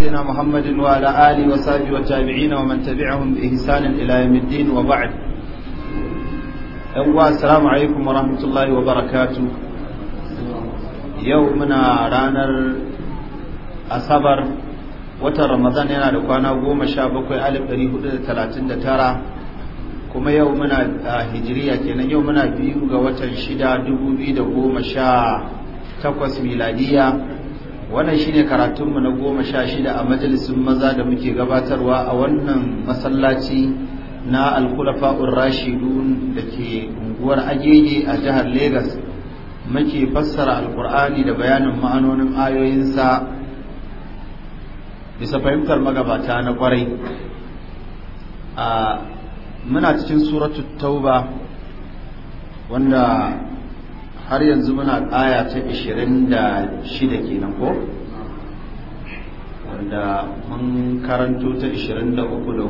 سيدنا محمد وعلى آله وصحبه والتابعين ومن تبعهم بإحسان إلى يوم الدين وبعد أيوة السلام عليكم ورحمة الله وبركاته يومنا رانر أصبر watan ramadan yana da kwana goma sha bakwai alif ɗari hudu da talatin da tara kuma yau muna a hijiriya kenan yau muna biyu ga watan shida dubu biyu da goma sha takwas miladiya wannan shine karatunmu na goma sha shida a majalisun maza da muke gabatarwa a wannan masallaci na alkulafa'ur rashidun da ke unguwar agege a jihar Legas. muke fassara alkur'ani da bayanin ma'anonin ayoyinsa bisa fahimtar magabata na kwarai a muna cikin suratu tauba wanda har yanzu muna aya ta 26 kenan ko wanda mun karanto ta 23 da hudu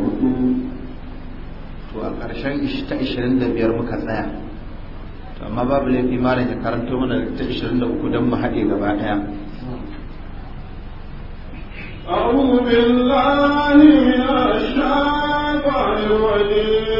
to a ƙarshen ta 25 muka tsaya to amma babu laifi malam ya karanto mana ta 23 don mu haɗe gaba ɗaya أعوذ بالله من الشيطان الرجيم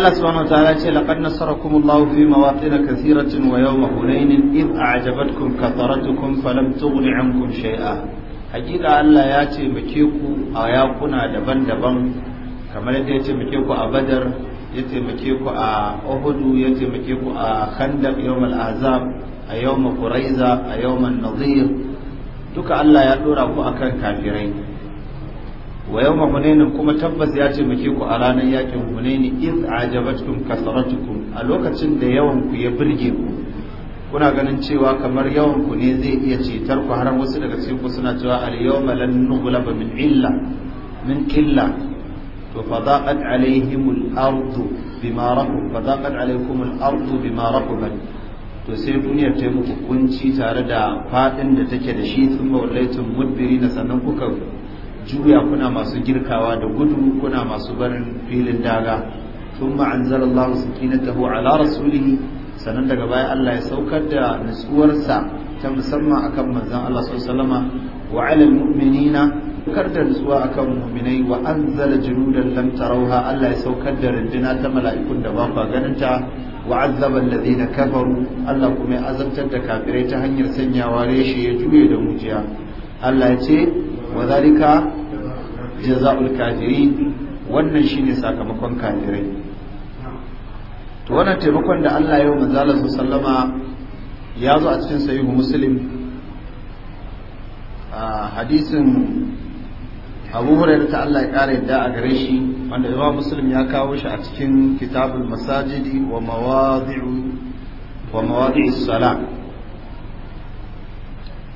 Allah subhanahu wataala ce laqad nasarakum Allahu fi mawaqin kathiratin wa yawma hunain id a'jabatkum katharatukum falam tughni ankum shay'a hakika Allah ya ce muke ku a yakuna daban-daban kamar yadda ya ce muke ku a Badar ya taimake ku a Ohudu ya taimake ku a Khandaq yawmal Azab a yawmal Quraiza a yawmal Nadir duka Allah ya dora ku akan kafirai wa yawma hunainin kuma tabbas ya ce muke ku a ranar yakin hunaini iz ajabatkum kasaratukum a lokacin da yawan ku ya birge ku kuna ganin cewa kamar yawan ku ne zai iya cetar ku har wasu daga cikin ku suna cewa al yawma lan nughlaba min illa min illa to fadaqat alaihim ardu bima raqab fadaqat alaikum al ardu bima raqabat to sai duniyar ta muku kunci tare da fadin da take da shi sun mawallaitum mudbirina sannan kuka juya kuna masu girkawa da gudu kuna masu barin filin daga sun ma'anzar Allah taho ala rasulihi sannan daga baya Allah ya saukar da nutsuwarsa ta musamman akan mazan Allah salama wa ala almu'minina kar da nutsuwa akan mu'minai wa anzala junudan lam tarauha Allah ya saukar da rinduna ta mala'ikun da ba ganin ta wa azzaba alladhina kafaru Allah kuma ya azabtar da kafirai ta hanyar sanyawa reshe ya juye da mujiya Allah ya ce wa zalika jaza'ul kafirin wannan shine sakamakon kafirai to wannan taimakon da Allah ya yi wa sallama ya zo a cikin sahihu muslim a hadisin Abu Hurairah ta Allah ya kare yadda a gare shi wanda Imam Muslim ya kawo shi a cikin Kitabul Masajidi wa Mawadi'u wa Mawadi'us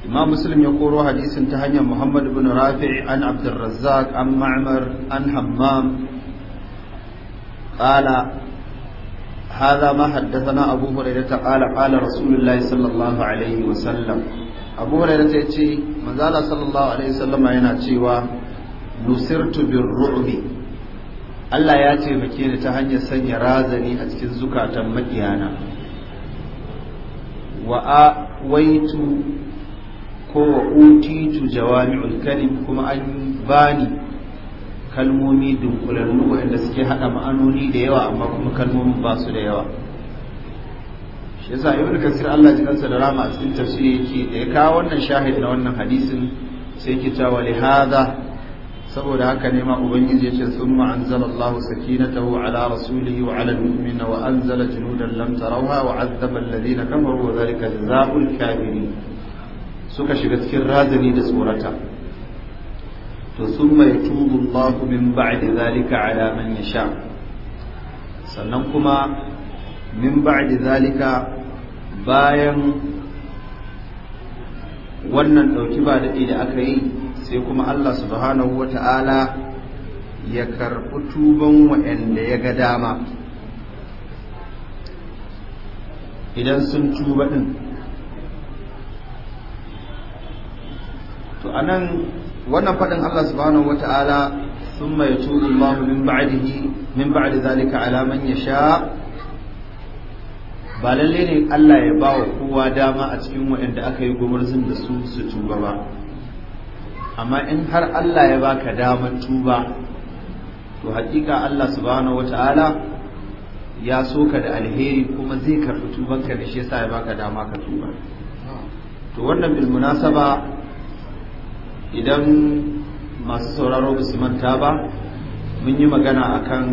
imam muslim ya koro hadisin ta hanyar muhammad bin rafi' an abdurrazzaq an ma'mar an hammam qala هذا ما حدثنا أبو هريرة قال قال رسول الله صلى الله عليه وسلم أبو هريرة يتي من ذال صلى الله عليه yana cewa. تيوا نسرت بالرعب Allah ya taimake ni ta hanyar sanya razani a cikin zukatan makiyana wa a waitu kowa wa utitu jawami'ul kalim kuma an bani kalmomi dunkulannu waɗanda suke haɗa ma'anoni da yawa amma kuma kalmomin ba su da yawa shi yasa ibnu kasir Allah ji kansa da rama a cikin tafsiri yake da ya kawo wannan shahid na wannan hadisin sai yake cewa li hadha saboda haka ne ma ubangiji yace summa anzala Allahu sakinatahu ala rasulihi wa ala almu'minina wa anzala junudan lam tarawha wa 'azzaba alladhina kafaru wa dhalika jazaa'ul kafirin suka shiga cikin razani da tsorata to sun mai Allah min ba'di zalika ala man yasha sannan kuma min ba'di zalika bayan wannan ɗauki ba daɗi da aka yi sai kuma Allah subhanahu wata'ala ya karɓi tuban wa'anda ya ga dama idan sun tuba ɗin to anan wannan faɗin Allah subhanahu wata'ala thumma yatubu Allah min ba'dihi min ba'di zalika ala man yasha ba lalle ne Allah ya ba kowa dama a cikin waɗanda aka yi gumurzun da su su tuba ba amma in har Allah ya baka damar tuba to hakika Allah subhanahu wata'ala ya so ka da alheri kuma zai karɓi tubanka da shi yasa ya baka dama ka tuba to wannan bil munasaba idan masu sauraro ba su manta ba mun yi magana akan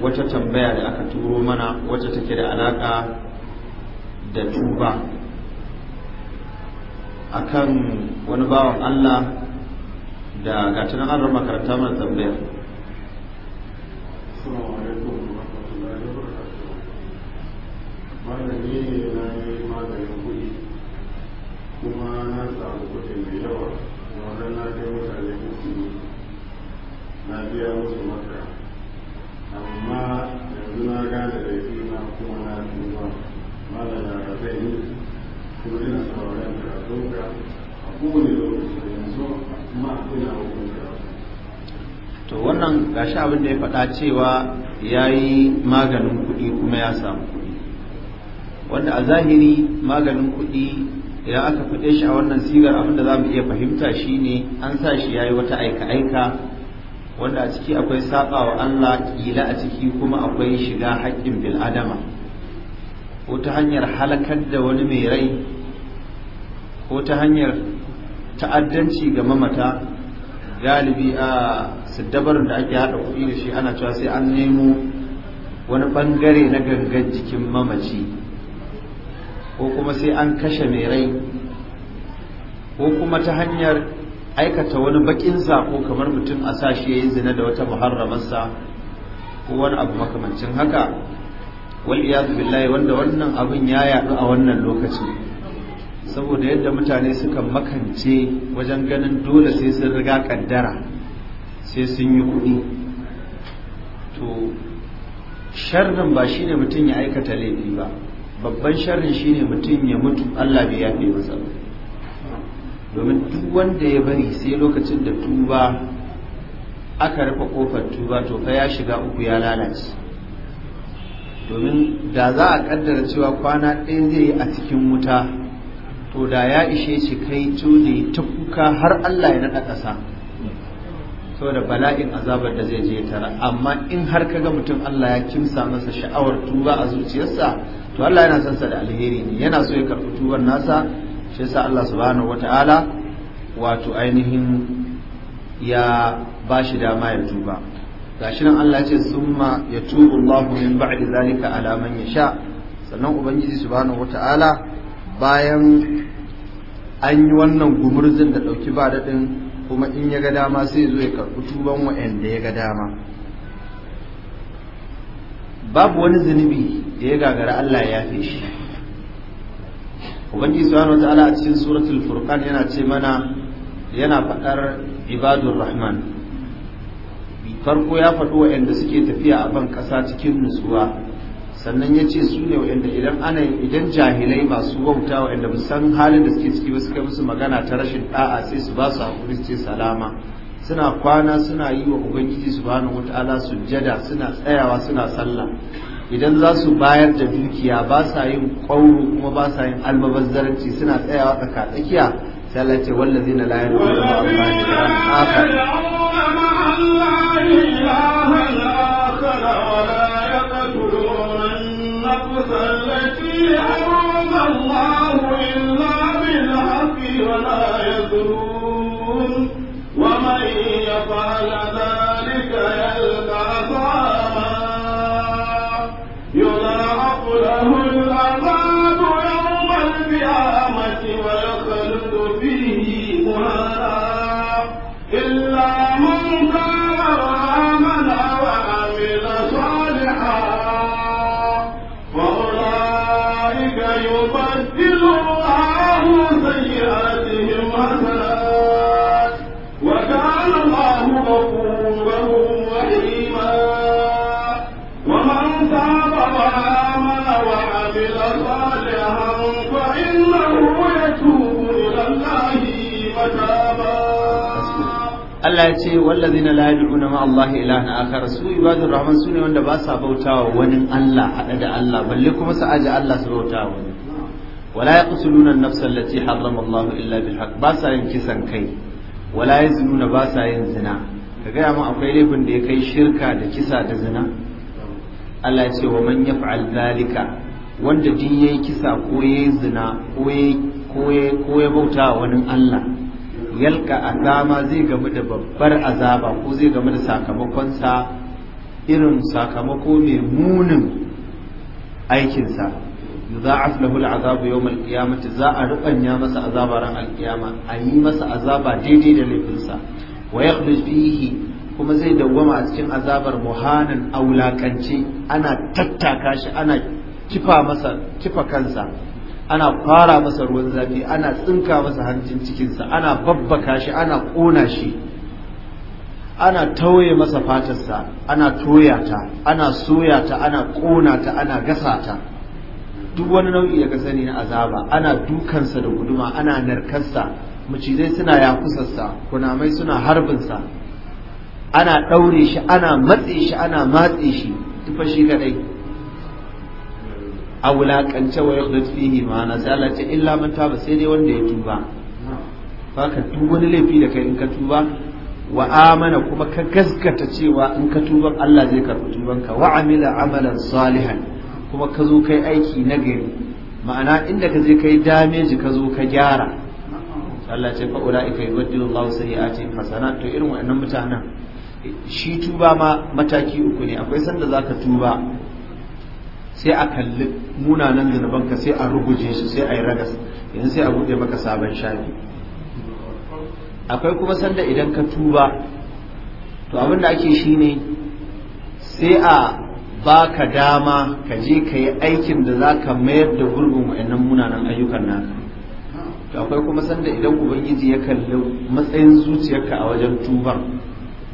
wata tambaya da aka turo mana wacce take da alaƙa da tuba akan wani bawan Allah da gatanan an rama karanta mana tambayar kuma na samu kuɗi mai yawa don na kai mutane kuki na biya musu maka amma yanzu na gane da yake na kuma na duba mana da ka zai yi kuma ina sauraron karatunka a kowane lokaci yanzu amma ina hukunta to wannan gashi abin da ya faɗa cewa ya yi maganin kuɗi kuma ya samu kuɗi wanda a zahiri maganin kuɗi idan aka faɗe shi a wannan sigar abin da za mu iya fahimta shi ne an sa shi ya yi wata aika-aika wanda a ciki akwai saƙa wa Allah ƙila a ciki kuma akwai shiga haƙƙin bil'adama ko ta hanyar halakar da wani mai rai ko ta hanyar ta'addanci ga mamata galibi a siddabarin da ake haɗa kuɗi da shi ana cewa sai an nemo wani ɓangare na gangan jikin mamaci ko kuma sai an kashe mai rai ko kuma ta hanyar aikata wani bakin sako kamar mutum a sashi yayin zina da wata muharramarsa ko wani abu makamancin haka wal iyadu billahi wanda wannan abin ya yaɗu a wannan lokaci saboda yadda mutane suka makance wajen ganin dole sai sun riga kaddara sai sun yi kuɗi to sharrin ba shine mutum ya aikata laifi ba babban sharri shine mutum ya mutu Allah bai yafe masa domin duk wanda ya bari sai lokacin da tuba aka rufe kofar tuba to fa ya shiga uku ya lalace domin da za a kaddara cewa kwana ɗaya zai yi a cikin wuta to da ya ishe shi kai ne ta kuka har Allah ya naɗa ƙasa saboda bala'in azabar da zai je tara amma in har kaga mutum Allah ya kimsa masa sha'awar tuba a zuciyarsa to Allah yana son sa da alheri ne yana so ya karɓi tuwar nasa shi yasa Allah subhanahu wataala wato ainihin ya ba shi dama ya tuba gashi nan Allah ce summa yatubu Allahu min ba'di zalika ala man yasha sannan ubangiji subhanahu wataala bayan an yi wannan gumurzin da dauki ba dadin kuma in ya ga dama sai zo ya karɓi tuban wa'anda ya ga dama babu wani zunubi da ya gagara Allah ya fi shi ubangiji subhanahu wataala a cikin suratul furqan yana ce mana yana faɗar ibadur rahman farko ya faɗo waanda suke tafiya a ban ƙasa cikin nutsuwa sannan ya ce su ne waɗanda idan ana idan jahilai masu wauta waɗanda musan halin da suke ciki suka musu magana ta rashin ɗa'a sai su ba su haƙuri su ce salama suna kwana suna yi wa ubangiji subhanahu wataala sujjada suna tsayawa suna sallah idan za su bayar da dukiya ba sa yin ƙwauro kuma ba sa yin almabazzaranci suna tsayawa tsaka tsakiya sai Allah ce wallazi na layar da Allah Allah ya ce na la duk ma Allah na akar su ibadur rahman su ne wanda ba sa bautawa wani Allah haɗa da Allah balle kuma su aji Allah su wa wani wala ya kusa nuna nafsa allati harrama Allah illa bil haqq ba sa yin kisan kai wala yaznuna ba sa yin zina ka gaya ma akwai laifin da ya kai shirka da kisa da zina Allah ya ce wa man fa'al dalika wanda duk yi kisa ko yi zina ko ya bauta wani Allah yalka azama zai gamu da babbar azaba ko zai gamu da sakamakonsa irin sakamako mai munin aikinsa yudha'af lahu al'azabu yawm al za a rubanya masa azaba ran al a yi masa azaba daidai da laifinsa wa yakhlud fihi kuma zai dawwama a cikin azabar muhanan aulakanci ana tattaka shi ana kifa masa kifa kansa ana fara masa ruwan zafi ana tsinka masa hancin cikinsa ana babbaka shi ana ƙona shi ana tauye masa fatarsa ana toya ta ana soya ta ana ƙona ta ana gasa ta duk wani nau'i ya gasa ne na azaba ana dukansa da guduma ana narkarsa macizai suna yakusarsa kunamai suna harbinsa ana ɗaure shi ana matse shi ana matse shi tufa shi kaɗai. a wulakance wa yukhlad fihi ma'ana sai Allah ce illa man taba sai dai wanda ya tuba ka tuba wani laifi da kai in ka tuba wa amana kuma ka gaskata cewa in ka tuba Allah zai karɓi tubanka wa amila amalan salihan kuma ka zo kai aiki na gari ma'ana inda ka je kai dameji ka zo ka gyara Allah ce fa ulaika yubaddilu Allahu ce hasanat to irin waɗannan mutanen shi tuba ma mataki uku ne akwai sanda zaka tuba sai a kalli munanan zunubanka sai a ruguje su sai a yi ragas yanzu sai a buɗe maka sabon shafi akwai kuma sanda idan ka tuba to abin da ake ne, sai a baka dama ka je ka yi aikin da za ka mayar da gurbin wa'annan munanan ayyukan naka to akwai kuma sanda idan ubangiji ya kalli matsayin zuciyarka a wajen tubar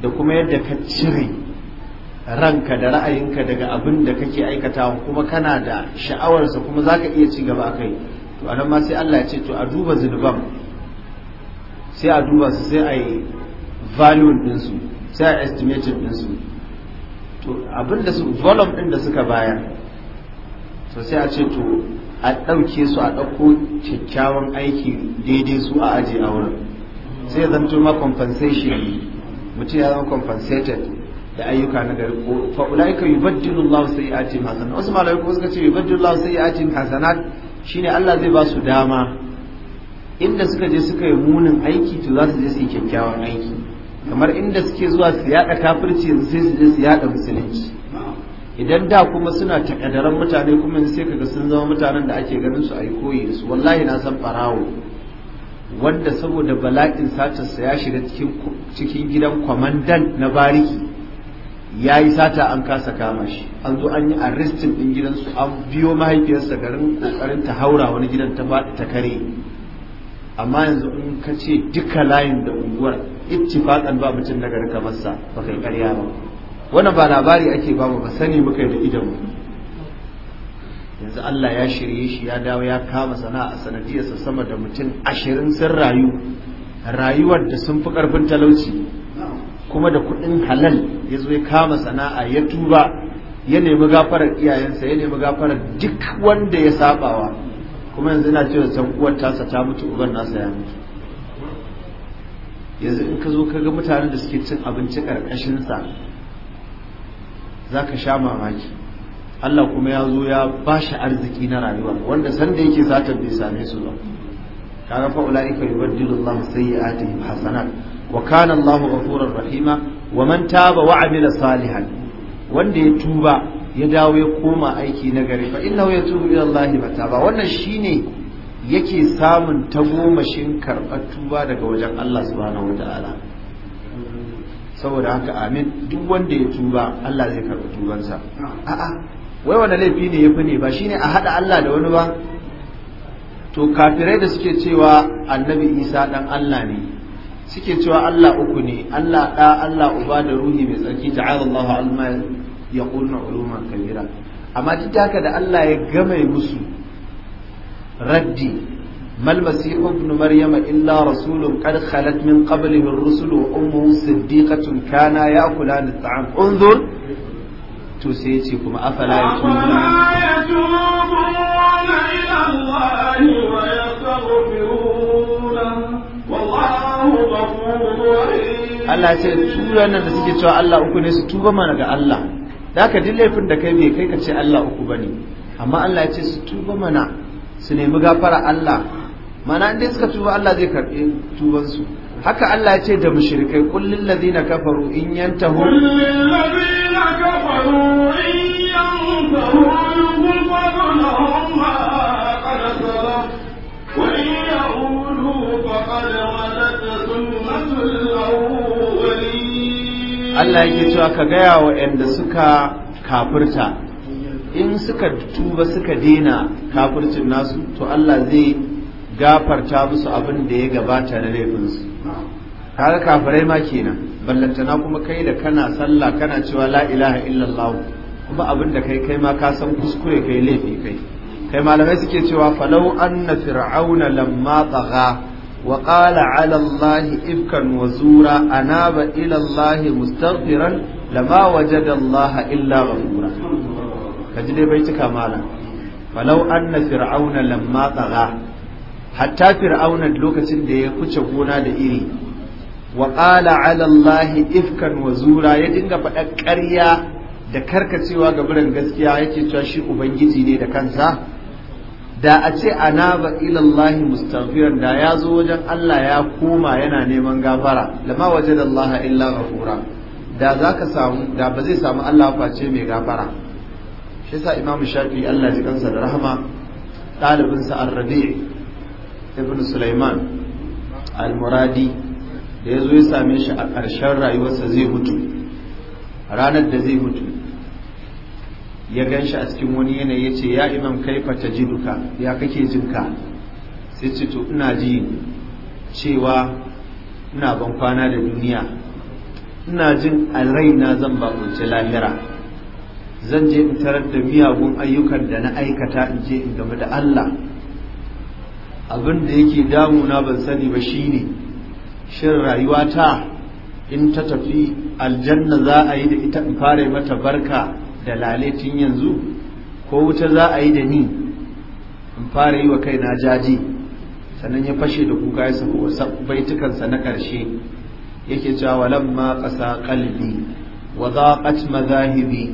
da kuma yadda ka cire ranka da ra'ayinka daga abin da kake aikatawa kuma kana da sha'awarsa kuma za ka iya ci gaba kai to anan ma sai Allah ya ce to a duba zunuban sai a duba su sai a yi value ɗinsu sai a estimated ɗinsu to abin da su volume ɗin da suka bayar to sai a ce to a ɗauke su a ɗauko kyakkyawan aiki daidai su a aje a wurin sai zanto ma compensation mutum ya zama compensated da ayyuka na gari fa ulaika yubaddilu Allahu sayyi'atihim hasanat wasu malai kuma suka ce yubaddilu Allahu sayyi'atihim hasanat shine Allah zai ba su dama inda suka je suka yi munin aiki to za su je su yi kyakkyawan aiki kamar inda suke zuwa su yada kafirci yanzu sai su je su yada musulunci idan da kuma suna takaddaran mutane kuma yanzu sai kaga sun zama mutanen da ake ganin su a koyi da su wallahi na san farawo wanda saboda bala'in sa ya shiga cikin gidan kwamandan na bariki ya yi sata an kasa kama shi an zo an yi arrestin ɗin gidansu an biyo mahaifiyarsa garin ƙoƙarin ta haura wani gidan ta faɗi ta kare amma yanzu in ka ce duka layin da unguwar ittifaqan ba mutum na garin kamar sa ba kai ƙarya ba wannan ba labari ake ba mu ba sani muka da idanmu yanzu Allah ya shirye shi ya dawo ya kama sana'a sanadiyarsa sama da mutum ashirin sun rayu rayuwar da sun fi ƙarfin talauci kuma da kuɗin halal ya zo ya kama sana'a ya tuba ya nemi gafarar iyayensa ya nemi gafarar duk wanda ya sabawa kuma yanzu na cewa san uwar tasa ta mutu uban nasa ya mutu yanzu in ka zo ka ga mutanen da suke cin abinci karkashin sa zaka sha mamaki Allah kuma ya zo ya ba shi arziki na rayuwa wanda sanda yake zata bai same su ba kaga fa ulaika yubaddilu Allah sayyi'atihim hasanat wa kana Allahu ghafurur rahima wa man taba wa amila salihan wanda ya tuba ya dawo ya koma aiki na gari fa innahu yatubu ila Allah mataba wannan shine yake samun tagomashin karɓar tuba daga wajen Allah subhanahu wataala saboda haka amin duk wanda ya tuba Allah zai karɓi tubansa a'a wai wanda laifi ne yafi ne ba shine a hada Allah da wani ba to kafirai da suke cewa annabi Isa dan Allah ne suke cewa Allah uku ne Allah ɗa Allah uba da ruhi mai tsarki ta'ala Allahu alma ya qulna uluman kabira amma duk haka da Allah ya gama musu raddi mal masih ibn maryama illa rasulun qad khalat min qablihi ar-rusul wa ummuhu siddiqatun kana yakula at-ta'am unzur to sai yace kuma afala yatubuna Allah ya ce tura nan da suke cewa Allah uku ne su tuba mana ga Allah da ka dille laifin da kai bai kai ka ce Allah uku bane amma Allah ya ce su tuba mana su nemi gafara Allah mana inda suka tuba Allah zai karɓi tuban su haka Allah ya ce da mushrikai qul lil ladina kafaru in yantahu qul lil ladina kafaru in yantahu allah yake cewa ka gaya wa yanda suka kafirta, in suka tuba suka dena kafircin nasu to Allah zai gafarta musu abin da ya gabata na laifinsu kaga kafirai ma kenan ballantana kuma kai da kana sallah kana cewa la ilaha illallah kuma abin da kai kai ma ka san kuskure kai laifi kai kai malamai suke cewa falau anna fir'auna lamma tagha wa qala ala allahi ifkan wa zura anaba ila allahi mustaghfiran lama wajada allaha illa ghafura kaji dai bai cika malam falau anna fir'auna lamma tagha hatta fir'auna lokacin da ya kuce gona da iri wa qala ala allahi ifkan wa zura ya dinga faɗa ƙarya da karkacewa ga biran gaskiya yake cewa shi ubangiji ne da kansa da a ce anaba ilallahi mustaghfiran da ya zo wajen Allah ya koma yana neman gafara lama wajadallaha illa ghafura da ka samu da ba zai samu Allah face mai gafara shi sa Imam Shafi Allah ji kansa da rahama ɗalibinsa sa ar ibn Sulaiman al-Muradi da ya zo ya same shi a ƙarshen rayuwarsa zai mutu ranar da zai mutu ya gan shi a cikin wani yanayi ya ce ya imam kai fata ji duka ya kake jinka sai ce to ina ji cewa ina ban kwana da duniya ina jin a raina zan bakunci lahira zan je in tarar da miyagun ayyukan da na aikata in je in game da Allah abin da yake damuna ban sani ba shine shin rayuwata in ta tafi aljanna za a yi da ita in fara mata barka Dalale tun yanzu ko wuta za a yi da ni in fara yi wa kai na jaji sannan ya fashe da kuka ya sako wasu baitukansa na ƙarshe yake cewa ma ƙasa ƙalbi wa zaqat madahibi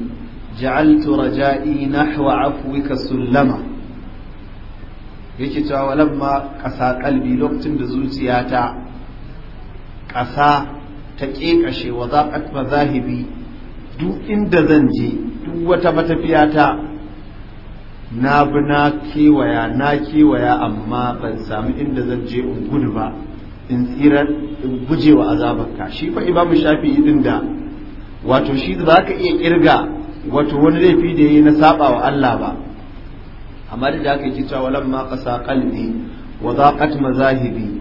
ja'altu raja'i nahwa afwika sullama yake cewa ma ƙasa ƙalbi lokacin da zuciyata ƙasa ta ƙeƙashe wa zaqat madahibi duk inda zan je duk wata matafiya ta na bi na kewaya na kewaya amma ban samu inda zan je in gudu ba in tsira in guje wa azabarka shi fa imamu shafi idin da wato shi ba ka iya kirga wato wani laifi da yayi na saba wa Allah ba amma da haka yake cewa ma qasa qalbi wa daqat mazahibi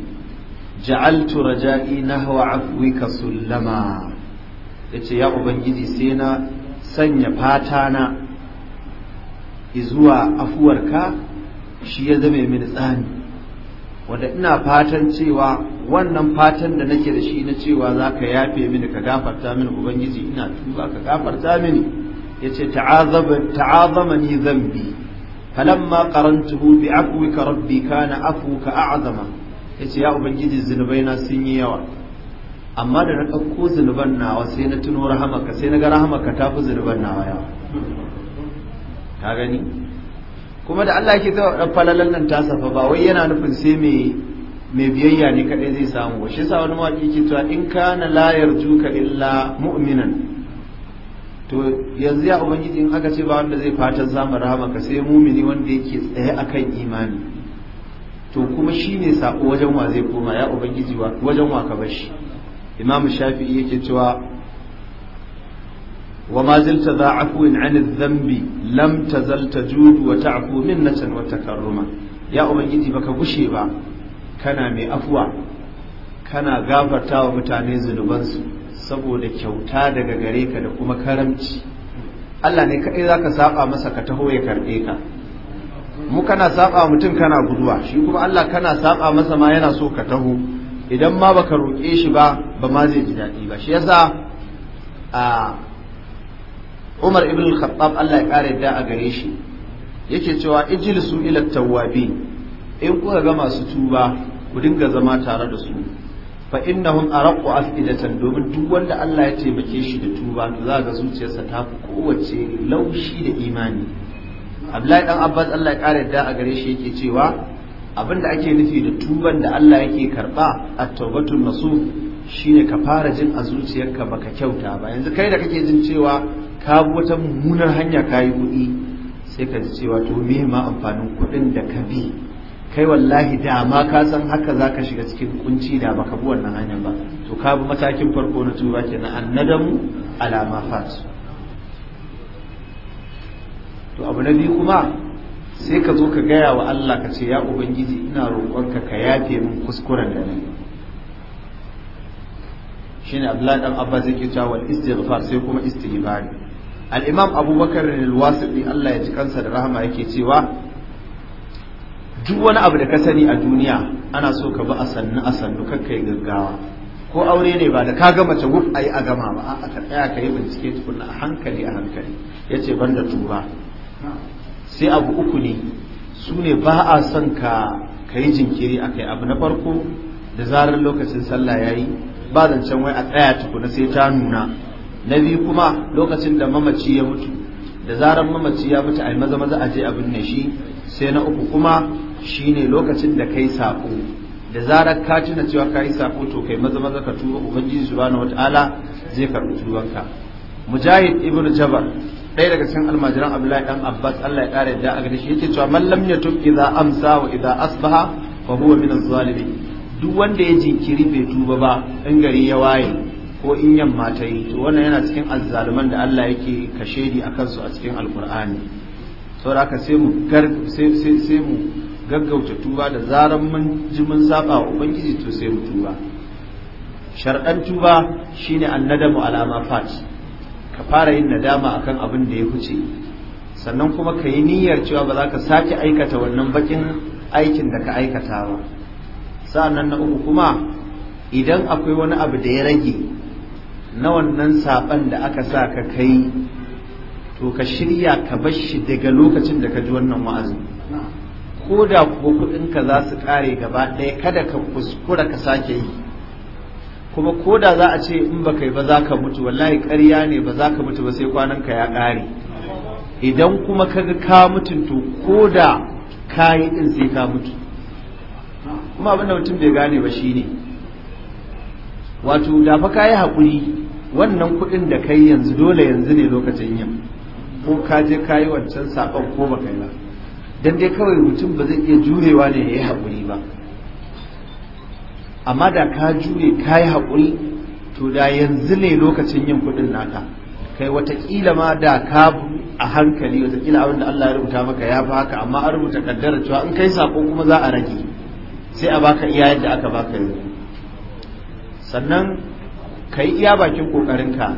ja'altu raja'i nahwa afwika sullama yace ya ubangiji sai na sanya fata na zuwa afuwarka shi ya zame mini tsani wanda ina fatan cewa wannan fatan da nake da shi na cewa za ka yafe mini ka gafarta mini ubangiji ina tuba ka gafarta mini ya ce ta'azama ni zambi falamma qarantuhu bi afwika rabbi kana afuka a'azama ya ce ya ubangiji na sun yi yawa amma da na ɗauko zunuban nawa sai na tuno rahamaka sai na ga rahamaka ta fi zunuban nawa yawa ka gani kuma da Allah yake ta falalan nan ta safa ba wai yana nufin sai me me biyayya ne kadai zai samu ba shi yasa wani mawaƙi ke cewa in kana layar yarjuka illa mu'minan to yanzu ya ubangiji in aka ce ba wanda zai fata zamu rahamaka sai mumini wanda yake tsaye akan imani to kuma ne sako wajen wa zai koma ya ubangiji wajen wa ka bar shi imam shafi'i yake cewa wa ma zilta za afuwin an dhanbi lam tazal tajud wa ta'fu minnatan wa takarruma ya ubangiji baka gushe ba kana mai afuwa kana gafarta wa mutane zunubansu saboda kyauta daga gare ka da kuma karamci Allah ne kaɗai za ka saba masa ka taho ya karɓe ka mu kana saba mutum kana guduwa shi kuma Allah kana saba masa ma yana so ka taho idan ma baka roƙe shi ba ba ma zai ji daɗi ba shi yasa a Umar ibn al-Khattab Allah ya kare da a gare shi yake cewa ijlisu ila tawwabi in kuka ga masu tuba ku dinga zama tare da su fa innahum araqu afidatan domin duk wanda Allah ya taimake shi da tuba to za ga zuciyarsa ta fi kowace laushi da imani Abdullahi dan Abbas Allah ya kare da a gare shi yake cewa abinda ake nufi da tuban da Allah yake karba at tawbatun nasuh shine ka fara jin a zuciyarka baka kyauta ba yanzu kai da kake jin cewa ka bi wata mummunar hanya ka yi kuɗi sai ka ji cewa to me ma amfanin kuɗin da ka bi kai wallahi da ma ka san haka za ka shiga cikin kunci da baka bi wannan hanya ba to ka bi matakin farko na tuba kenan annadamu alama fat to abu na biyu kuma sai ka zo ka gaya wa Allah ka ce ya ubangiji ina roƙonka ka yafe min kuskuren da nayi shine Abdullahi dan Abbas yake cewa wal istighfar sai kuma istighfar al-Imam Abubakar al-Wasiti Allah ya ji kansa da rahama yake cewa duk wani abu da ka sani a duniya ana so ka bi a sannu a sannu kakka yi gaggawa ko aure ne ba da ka gama ta wuf ayi a gama ba a ka tsaya ka yi bincike tukunna a hankali a hankali yace banda tuba sai abu uku ne su ne ba a son ka ka yi jinkiri kai abu na farko da zarar lokacin sallah yayi ba zancen wai a tsaya tukuna sai ta nuna na biyu kuma lokacin da mamaci ya mutu da zarar mamaci ya mutu a maza maza a je abin binne shi sai na uku kuma shine lokacin da kai sako da zarar ka tuna cewa ka yi sako to kai maza maza ka tuba ubangiji subhanahu wataala zai karɓi tubanka mujahid ibn jabar ɗaya daga cikin almajiran abdullahi dan abbas allah ya ƙara yadda a gare shi yake cewa man lam yatub idza amsa wa idza asbaha fa huwa min az-zalimin duk wanda ya jinkiri bai tuba ba in gari ya waye ko in yamma ta yi to wannan yana cikin azzaluman da Allah yake kashedi a kansu a cikin alkur'ani saboda haka sai mu sai mu gaggauta tuba da zaran mun ji mun saba wa ubangiji to sai mu tuba sharɗan tuba shine annadamu alama fat ka fara yin nadama akan abin da ya huce sannan kuma ka yi niyyar cewa ba za ka sake aikata wannan bakin aikin da ka aikata ba sa'annan na uku kuma idan akwai wani abu da ya rage na wannan saban da aka sa ka kai to ka shirya ka bar shi daga lokacin da ka ji wannan wa'azi ko da kuwa kuɗinka za su ƙare gaba ɗaya kada ka kuskura ka sake yi kuma ko da za a ce in ba kai ba za ka mutu wallahi ƙarya ne ba za ka mutu ba sai kwanan ka ya kare idan kuma ka ga ka to ko da ka yi ɗin sai ka mutu kuma abinda mutum bai gane ba shi ne, wato da fa ka yi haƙuri wannan kuɗin da kai yanzu dole yanzu ne lokacin yin ko ka je ka yi wancan saƙon ko ba kai ba don dai kawai mutum ba zai iya jurewa ne ya yi haƙuri ba amma da ka jure ka yi haƙuri to da yanzu ne lokacin yin kuɗin naka kai watakila ma da ka a hankali watakila abin da Allah ya rubuta maka ya fi haka amma an rubuta kaddara cewa in kai saƙo kuma za a rage sai a baka iya yadda aka baka yi sannan ka yi iya bakin kokarin ka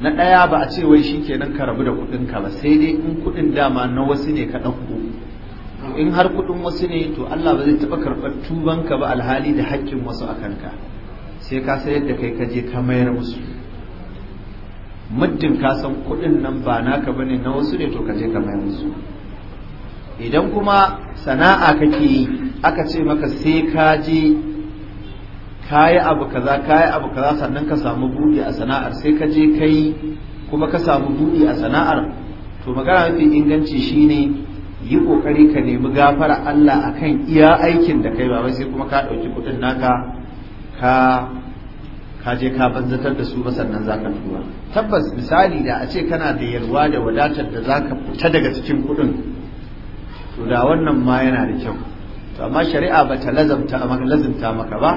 na ɗaya ba a ce wai shi kenan ka rabu da kuɗinka ba sai dai in kuɗin dama na wasu ne ka ɗauko in har kuɗin wasu ne to Allah ba zai taɓa karɓar tubanka ba alhali da haƙƙin wasu a kanka sai ka sayar da kai ka je ka mayar musu muddin ka san kuɗin nan ba naka bane na wasu ne to ka je ka mayar musu idan kuma sana'a kake yi aka ce maka sai ka je kayi abu kaza kayi abu kaza sannan ka samu buɗi a sana'ar sai ka je kai kuma ka samu buɗi a sana'ar to magana mafi inganci shine yi kokari ka nemi gafara Allah akan iya aikin da kai ba sai kuma ka ɗauki kuɗin naka ka ka je ka banzatar da su ba sannan zaka tura tabbas misali da a ce kana da yalwa da wadatar da zaka fita daga cikin kuɗin to da wannan ma yana da kyau to amma shari'a ba ta lazamta maka lazamta maka ba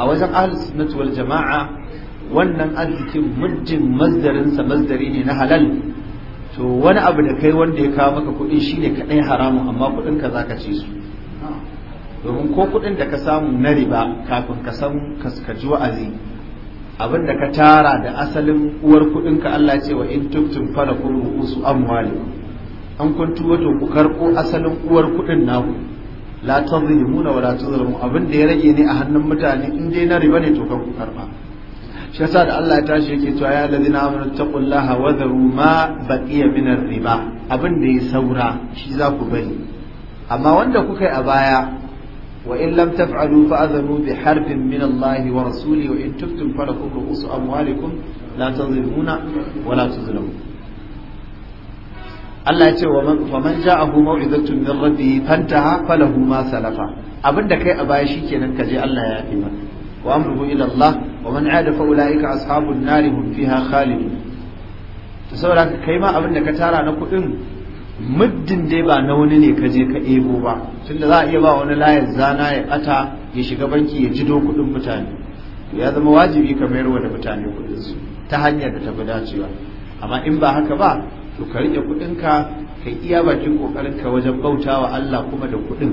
a wajen ahlus sunnati wal jama'a wannan arzikin muddin mazdarin sa mazdari ne na halal to wani abu da kai wanda ya kawo maka kuɗi shine kadai haramun amma kuɗin ka zaka ci su domin ko kuɗin da ka samu na riba kafin ka san kaskaji wa'azi abin da ka tara da asalin uwar kuɗinka Allah ce wa in tuktum falakum ru'usu amwalikum an kuntu wato ku karɓo asalin uwar kuɗin naku la tazlimuna wa la tuzlamu abin da ya rage ne a hannun mutane in dai na riba ne to kan ku karɓa. shi yasa da Allah ya tashi yake cewa ya ladina amanu taqullaha wa dharu ma baqiya min riba abin da ya saura shi za ku bari amma wanda kuka yi a baya wa in lam taf'alu fa adhanu bi harbin min Allah wa rasuli wa in tuftum falakum ru'usu amwalikum la tazlimuna wa la tuzlamu Allah ya ce wa man fa man ja'ahu mau'izatun min rabbihi fantaha falahu ma salafa abinda kai a baya shikenan ka je Allah ya yafe maka wa amruhu ila Allah wa man 'ada fa ulaika ashabun nari hum fiha khalidun to saboda kai ma abinda ka tara na kuɗin muddin dai ba na wani ne ka je ka ebo ba tunda za a iya ba wani layin zana ya ata ya shiga banki ya jido kuɗin mutane ya zama wajibi ka mayar wa da mutane kuɗinsu ta hanyar da ta dacewa amma in ba haka ba to ka rike kuɗinka ka iya bakin ka wajen bautawa Allah kuma da kuɗin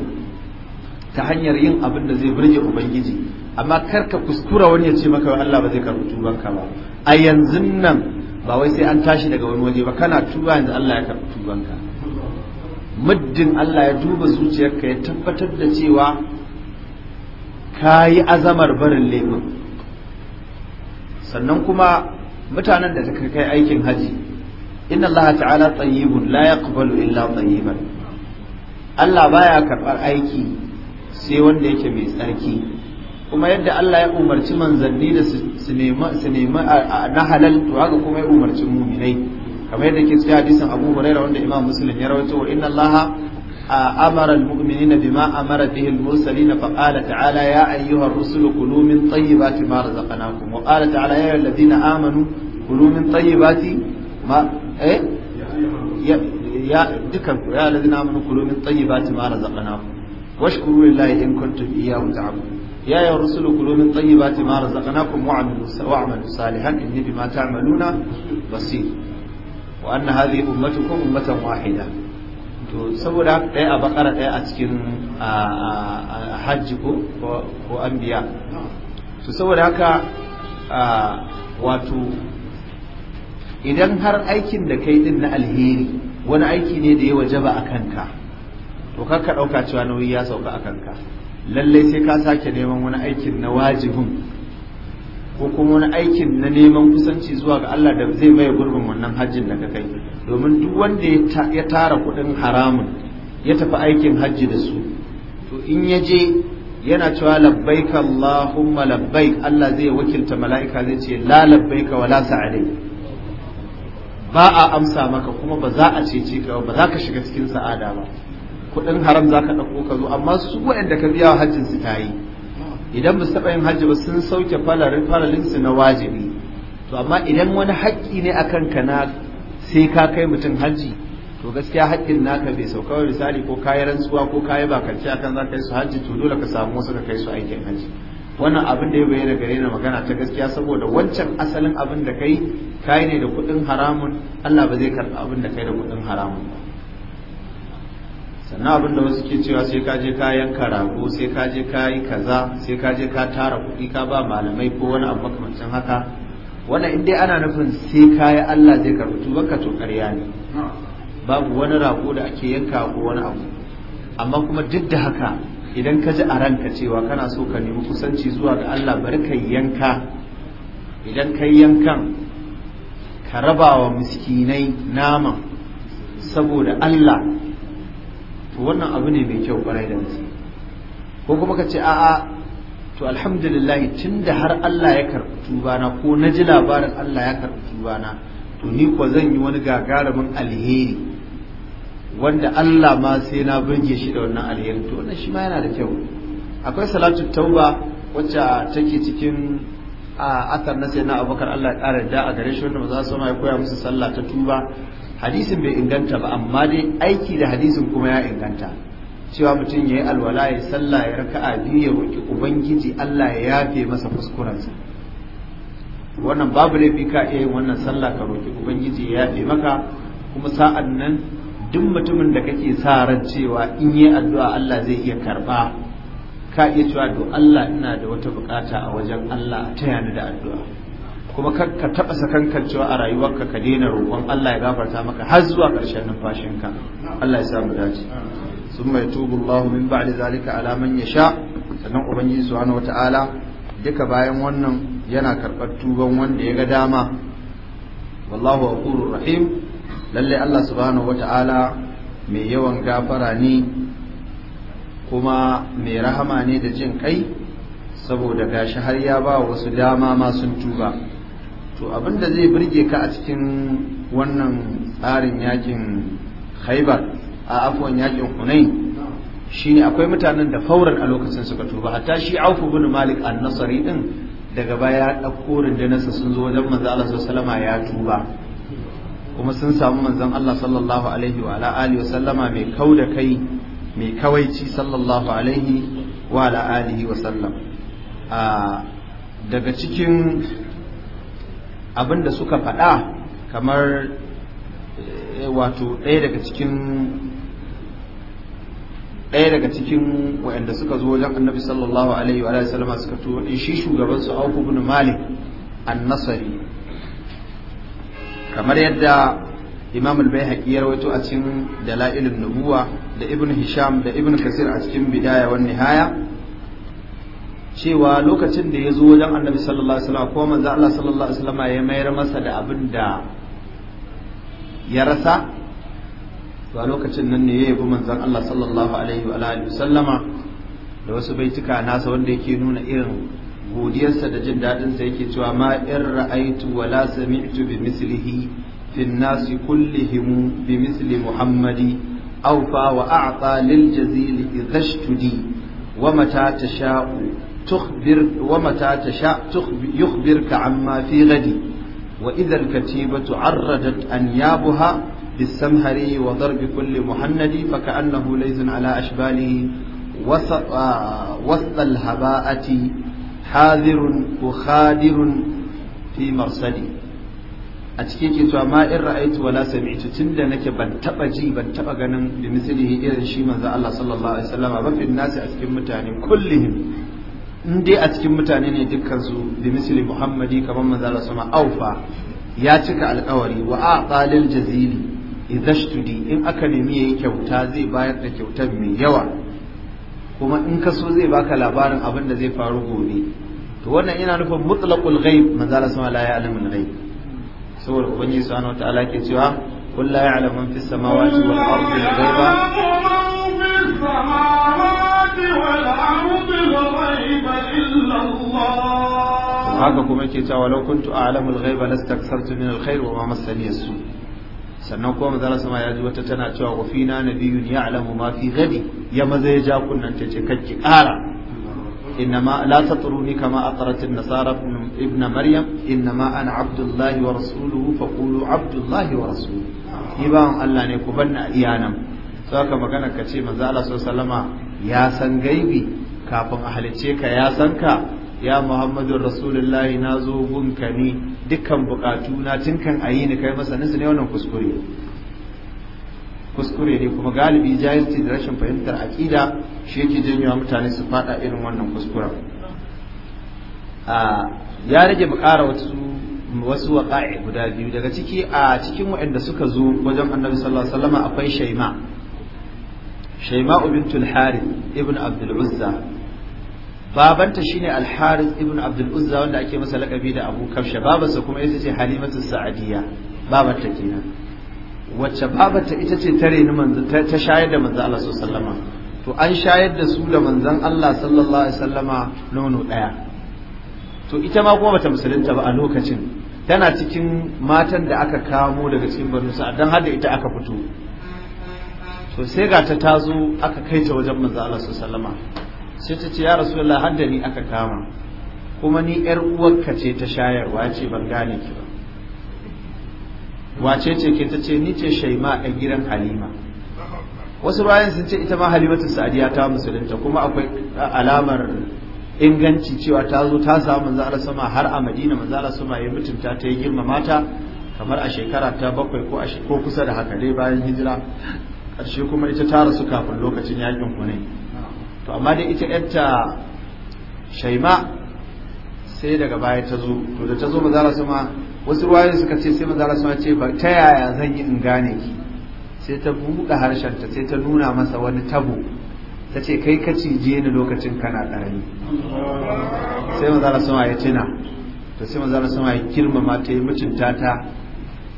ta hanyar yin abin da zai burge ubangiji amma kar ka kuskura wani ya ce maka Allah ba zai karɓi tubanka ba a yanzu nan ba wai sai an tashi daga wani waje ba kana tuba yanzu Allah ya karɓi tubanka muddin Allah ya duba zuciyarka ya tabbatar da cewa ka yi azamar barin laifin sannan kuma mutanen da suka kai aikin haji inna Allah ta'ala tayyibun la yaqbalu illa tayyiban Allah baya karɓar aiki sai wanda yake mai tsarki kuma yadda Allah ya umarci manzanni da su nemi na halal to haka kuma ya umarci muminai kamar yadda ke cikin hadisin Abu Hurairah wanda Imam Muslim ya rawaito wa inna Allah amara almu'minina bima amara bihi almursalin fa qala ta'ala ya ayyuha ar-rusul kulu min tayyibati ma razaqnakum wa qala ta'ala ya ayyuhalladhina amanu kulu min tayyibati ma ايه ya dukan ku ya alladhina amanu kulu min tayyibati ma razaqnakum washkuru lillahi in kuntum iyyahu ta'budun يا أيها الرسل كلوا من طيبات ما رزقناكم واعملوا صالحا إني بما تعملون بصير وان هذه امتكم امه واحده to saboda ɗaya a bakara ɗaya a cikin hajji ko anbiya to saboda haka wato idan har aikin da kai din na alheri wani aiki ne da ya wajaba a kanka to ka ɗauka cewa nauyi ya sauka a kanka lallai sai ka sake neman wani aikin na wajibin ko kuma wani aikin na neman kusanci zuwa ga Allah da zai maye gurbin wannan hajjin da kai domin duk wanda ya tara kuɗin haramun ya tafi aikin hajji da su to in ya je yana cewa labbaika Allahumma labbaik Allah zai wakilta mala'ika zai ce la labbaik wala sa'alaik ba a amsa maka kuma ba za a cece ka ba za ka shiga cikin sa'ada ba kuɗin haram za ka ɗauko ka zo amma su waɗanda ka biya hajjin su ta yi idan ba su taɓa yin hajji ba sun sauke falarin falalin su na wajibi to amma idan wani haƙƙi ne a ka na sai ka kai mutum hajji to gaskiya haƙƙin naka bai sauka wa misali ko kayi rantsuwa ko kayi bakanci akan za ka yi su hajji to dole ka samu wasu ka kai su aikin hajji wannan abin da ya bayyana gare na magana ta gaskiya saboda wancan asalin abin da kai kai ne da kuɗin haramun Allah ba zai karɓi abin da kai da kuɗin haramun ba sannan abin da wasu ke cewa sai ka je ka yanka rago sai ka je ka yi kaza sai ka je ka tara kuɗi ka ba malamai ko wani abu makamancin haka wannan in dai ana nufin sai ka yi Allah zai karɓi tubarka to ƙarya ne babu wani rago da ake yanka ko wani abu amma kuma duk da haka idan ka ji a ranka cewa kana so ka nemi kusanci zuwa ga Allah bari ka yanka idan ka yankan ka raba wa miskinai naman saboda Allah to wannan abu ne mai kyau kwarai da gaske ko kuma ka ce a'a to alhamdulillah tunda har Allah ya karɓi tubana ko na ji labarin Allah ya karɓi na, to ni ko zan yi wani gagarumin alheri wanda Allah ma sai na burge shi da wannan alheri to wannan shi ma yana da kyau akwai salatu tauba wacce take cikin athar na sai na abubakar Allah ya ƙara da a gare shi wanda maza su ma ya koya musu sallah ta tuba hadisin bai inganta ba amma dai aiki da hadisin kuma ya inganta cewa mutum ya yi alwala ya sallah ya raka'a biyu ya roƙi ubangiji Allah ya yafe masa fuskuransa wannan babu laifi ka iya yin wannan sallah ka roƙi ubangiji ya yafe maka kuma sa'an nan duk mutumin da kake sa ran cewa in yi addu'a Allah zai iya karba ka iya cewa to Allah ina da wata bukata a wajen Allah a taya ni da addu'a kuma kar ka taba sakankan cewa a rayuwarka ka daina roƙon Allah ya gafarta maka har zuwa ƙarshen numfashinka Allah ya sa mu dace summa yatubu Allah min ba'di zalika ala man yasha sannan ubangiji subhanahu wata'ala duka bayan wannan yana karɓar tuban wanda ya ga dama wallahu ghafurur rahim lalle Allah subhanahu wata'ala mai yawan gafara ne kuma mai rahama ne da jin kai saboda gashi har ya ba wasu dama ma sun tuba to abinda zai burge ka a cikin wannan tsarin yakin khaibar a afwan yakin hunain shine akwai mutanen da fauran a lokacin suka tuba hatta shi aufu bin Malik an nasari din daga baya ya dauko rundunarsa sun zo wajen manzo Allah sallallahu alaihi wasallama ya tuba kuma sun samu manzon Allah sallallahu alaihi wa alihi wa sallama mai kau da kai mai kawaici sallallahu alaihi wa alihi wa sallam ah, daga cikin abin da suka faɗa kamar eh, wato ɗaya daga cikin ɗaya daga cikin waɗanda suka zo wajen annabi sallallahu alaihi wa sallama suka tuwo shi shugaban su auku bin malik annasari kamar yadda imam al-baihaqi ya rawaito a cikin Dala'ilin nubuwa da ibn hisham da ibn kasir a cikin bidaya wan nihaya cewa lokacin da ya zo wajen annabi sallallahu alaihi wasallam ko manzo Allah sallallahu alaihi wasallam ya mayar masa da abin da ya rasa Ba lokacin nan ne ya yabi zan Allah sallallahu alaihi wa alihi wasallama da wasu baituka nasa wanda yake nuna irin godiyarsa da jin daɗinsa yake cewa ma in ra'aitu wa la sami'tu bi mislihi fi an-nas kullihim bi misli muhammadi awfa wa a'ta lil jazil idhashtudi wa mata tasha'u tukhbir wa mata tasha yukhbirka amma fi ghadi wa idha al-katibatu 'arradat anyabaha بالسمهر وضرب كل محند فكأنه ليس على أشباله وسط الهباءة hadirun ko hadirun fi a cikin ke cewa ma in ra'aitu wala sami'tu tunda nake ban taba ji ban taba ganin bi mislihi irin shi manzo Allah sallallahu alaihi wasallam ba fi nasi a cikin mutane kullihim in dai a cikin mutane ne dukkan su bi misli Muhammadi kamar manzo Allah sama aufa ya cika alƙawari wa aqa lil jazili idhashtudi in aka nemi yayi kyauta zai bayar da kyautar mai yawa kuma in ka so zai baka labarin abin da zai faru gobe to wannan ina nufin mutlaqul ghaib manzo Allah sama la ya'lamul ghaib saboda ubangiji subhanahu wataala ke cewa qul la ya'lamu man fis samawati wal ardi ghaiba haka kuma yake cewa law kuntu a'lamul ghaiba lastakthartu min al khair wa ma massani su sannan kuma manzo sama ya ji wata tana cewa wa fina nabiyyun ya'lamu ma fi ghadi ya maza ya ja kunnan ta ce kakki kara innama la tatruni kama aqrat an-nasara ibn maryam innama ana abdullahi wa rasuluhu fa abdullahi wa rasuluhu ibam allah ne ku banna iyanan saka magana ka ce manzo allah sallama ya san gaibi kafin a halicce ka ya san ka ya muhammadun rasulullahi na zo ka ne dukkan bukatu na tun kan ayi ni kai masaninsu nisa ne wannan kuskure kuskure ne kuma galibi jahilci da rashin fahimtar aqida shi yake janyowa mutane su fada irin wannan kuskuren a ya rage bukara wasu wasu waqa'i guda biyu daga ciki a cikin waɗanda suka zo wajen annabi sallallahu alaihi wasallam akwai shaima shaima bintul harith ibn abdul uzza babanta shine al-Harith ibn Abdul Uzza wanda ake masa lakabi da Abu Kafsha babarsa kuma ita ce Halimatu Sa'adiyya babanta kenan wacce babanta ita ce tare ni manzo ta shayar da manzo Allah sallallahu alaihi to an shayar da su da manzon Allah sallallahu alaihi wasallama nono daya to ita ma kuma bata musulunta ba a lokacin tana cikin matan da aka kamo daga cikin Banu Sa'ad dan har da ita aka fito to sai ga ta tazo aka kai ta wajen manzo Allah sallallahu alaihi wasallama sai ta ce ya rasu da ni aka kama kuma ni yar uwarka ce ta shayarwa ce ban gane ki ba wace ce ke ta ce ni ce shaima a gidan halima wasu bayan sun ce ita ma halimatu Sadiya ta musulunta kuma akwai alamar inganci cewa ta zo ta samu manzo sama har a Madina manzo Allah sama ya mutunta ta yi girmama ta kamar a shekara ta bakwai ko ko kusa da haka dai bayan hijira ƙarshe kuma ita ta rasu kafin lokacin yakin Hunain to amma dai ita yarta shaima sai daga baya ta zo to da ta zo manzala sama wasu ruwayoyi suka ce sai manzala sama ce ba ta yaya zan yi in gane ki sai ta buɗe harshen ta sai ta nuna masa wani tabo ta ce kai ka cije ni lokacin kana ƙarami sai manzala sama ya tuna to sai manzala sama ya girmama ta yi mutunta ta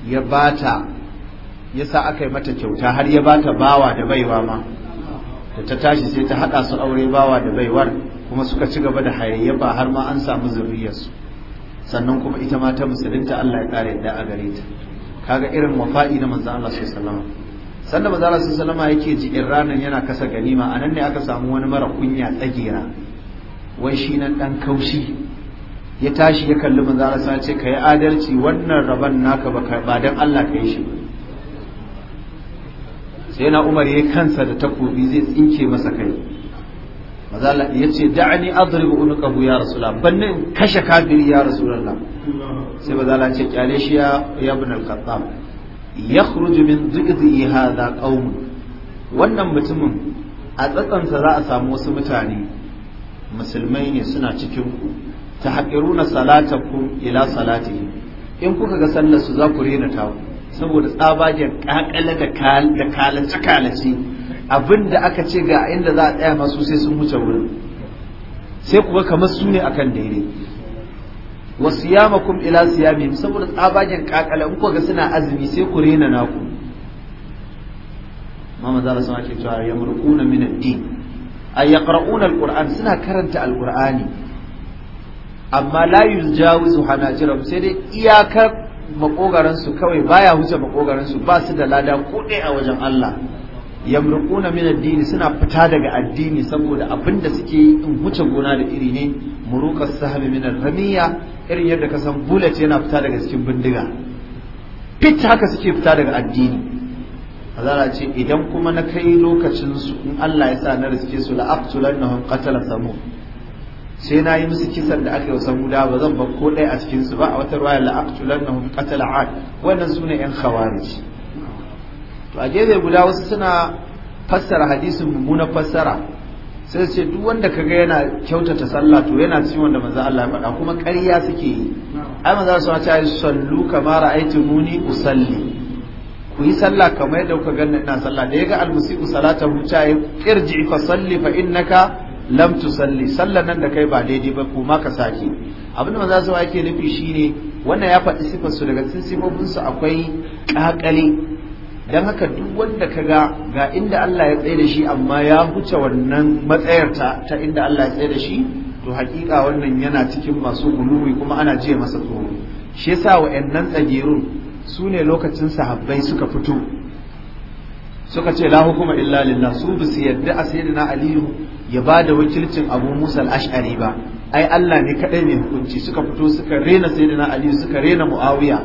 ya bata ya sa aka yi mata kyauta har ya bata bawa da baiwa ma da ta tashi sai ta haɗa su aure bawa da baiwar kuma suka ci gaba da hayayyafa har ma an samu zurriyarsu sannan kuma ita ma ta musulunta Allah ya ƙara yadda a gare ta kaga irin wafa'i na manzon Allah sai sallama sanda manzon Allah sai sallama yake jikin ranar yana kasa ganima anan ne aka samu wani mara kunya tsagera wai shi nan dan kaushi ya tashi ya kalli manzon Allah sai ce kai adalci wannan raban naka ba dan Allah ka shi ba sai na umar ya kansa da takobi zai tsinke masa kai mazala ya ce da'ani adribu unuqahu ya rasulullah bannin kashe kafiri ya rasulullah sai mazala ce kyale shi ya ibn al-khattab yakhruj min dhiqi hadha qaum wannan mutumin a tsatsansa za a samu wasu mutane musulmai ne suna cikin ku tahqiruna salatakum ila salatihi in kuka ga sallar su za ku rena ku saboda tsabagen kakale da kalace kalace abin da aka ce ga inda za a tsaya masu sai sun wuce wurin sai kuwa kamar su ne akan daidai wasu yamakum ila siyami saboda tsabagen kakale in kuka suna azumi sai ku rena naku mama za su ake cewa yamruquna min ad-din ay yaqra'una al-qur'an suna karanta amma layu amma la yujawizu hanajirahum sai dai iyakar makogaran su kawai baya wuce makogaran su ba su da lada kuɗe a wajen Allah yamruquna min ad suna fita daga addini saboda abin da suke yi in huce gona da iri ne muruqas sahmi min ramiya irin yadda ka san bullet yana fita daga cikin bindiga fit haka suke fita daga addini azara ce idan kuma na kai lokacin su in Allah ya sa na riske su la aqtulannahum qatala samu. sai na yi musu kisan da aka yi wasan guda ba zan ba ko ɗaya a cikin su ba a wata ruwaya la'aqtulan nahum qatala ad wannan sune yan khawarij to a gefe guda wasu suna fassara hadisin na fassara sai ce duk wanda kaga yana kyautata sallah to yana cikin wanda manzo Allah ya faɗa kuma ƙarya suke yi ai manzo Allah ya ce sallu kama muni usalli ku yi sallah kamar yadda kuka ganna ina sallah da yaga almusiku salatahu huta ya irji fa salli fa innaka lam tusalli sallan nan da kai ba daidai ba kuma ka sake abin da maza su yake nufi shine wannan ya faɗi sifar su daga cikin sifofin akwai kakale dan haka duk wanda ka ga ga inda Allah ya tsaye da shi amma ya huce wannan matsayar ta ta inda Allah ya tsaye da shi to hakika wannan yana cikin masu gulubi kuma ana jiya masa tsoro shi yasa wa'annan tsagerun su ne lokacin sahabbai suka fito suka ce la hukuma illa lillah su bi yadda a sayyidina aliyu ya ba da wakilcin abu musa al-ash'ari ba ai Allah ne kadai mai hukunci suka fito suka rena sayyidina aliyu suka rena muawiya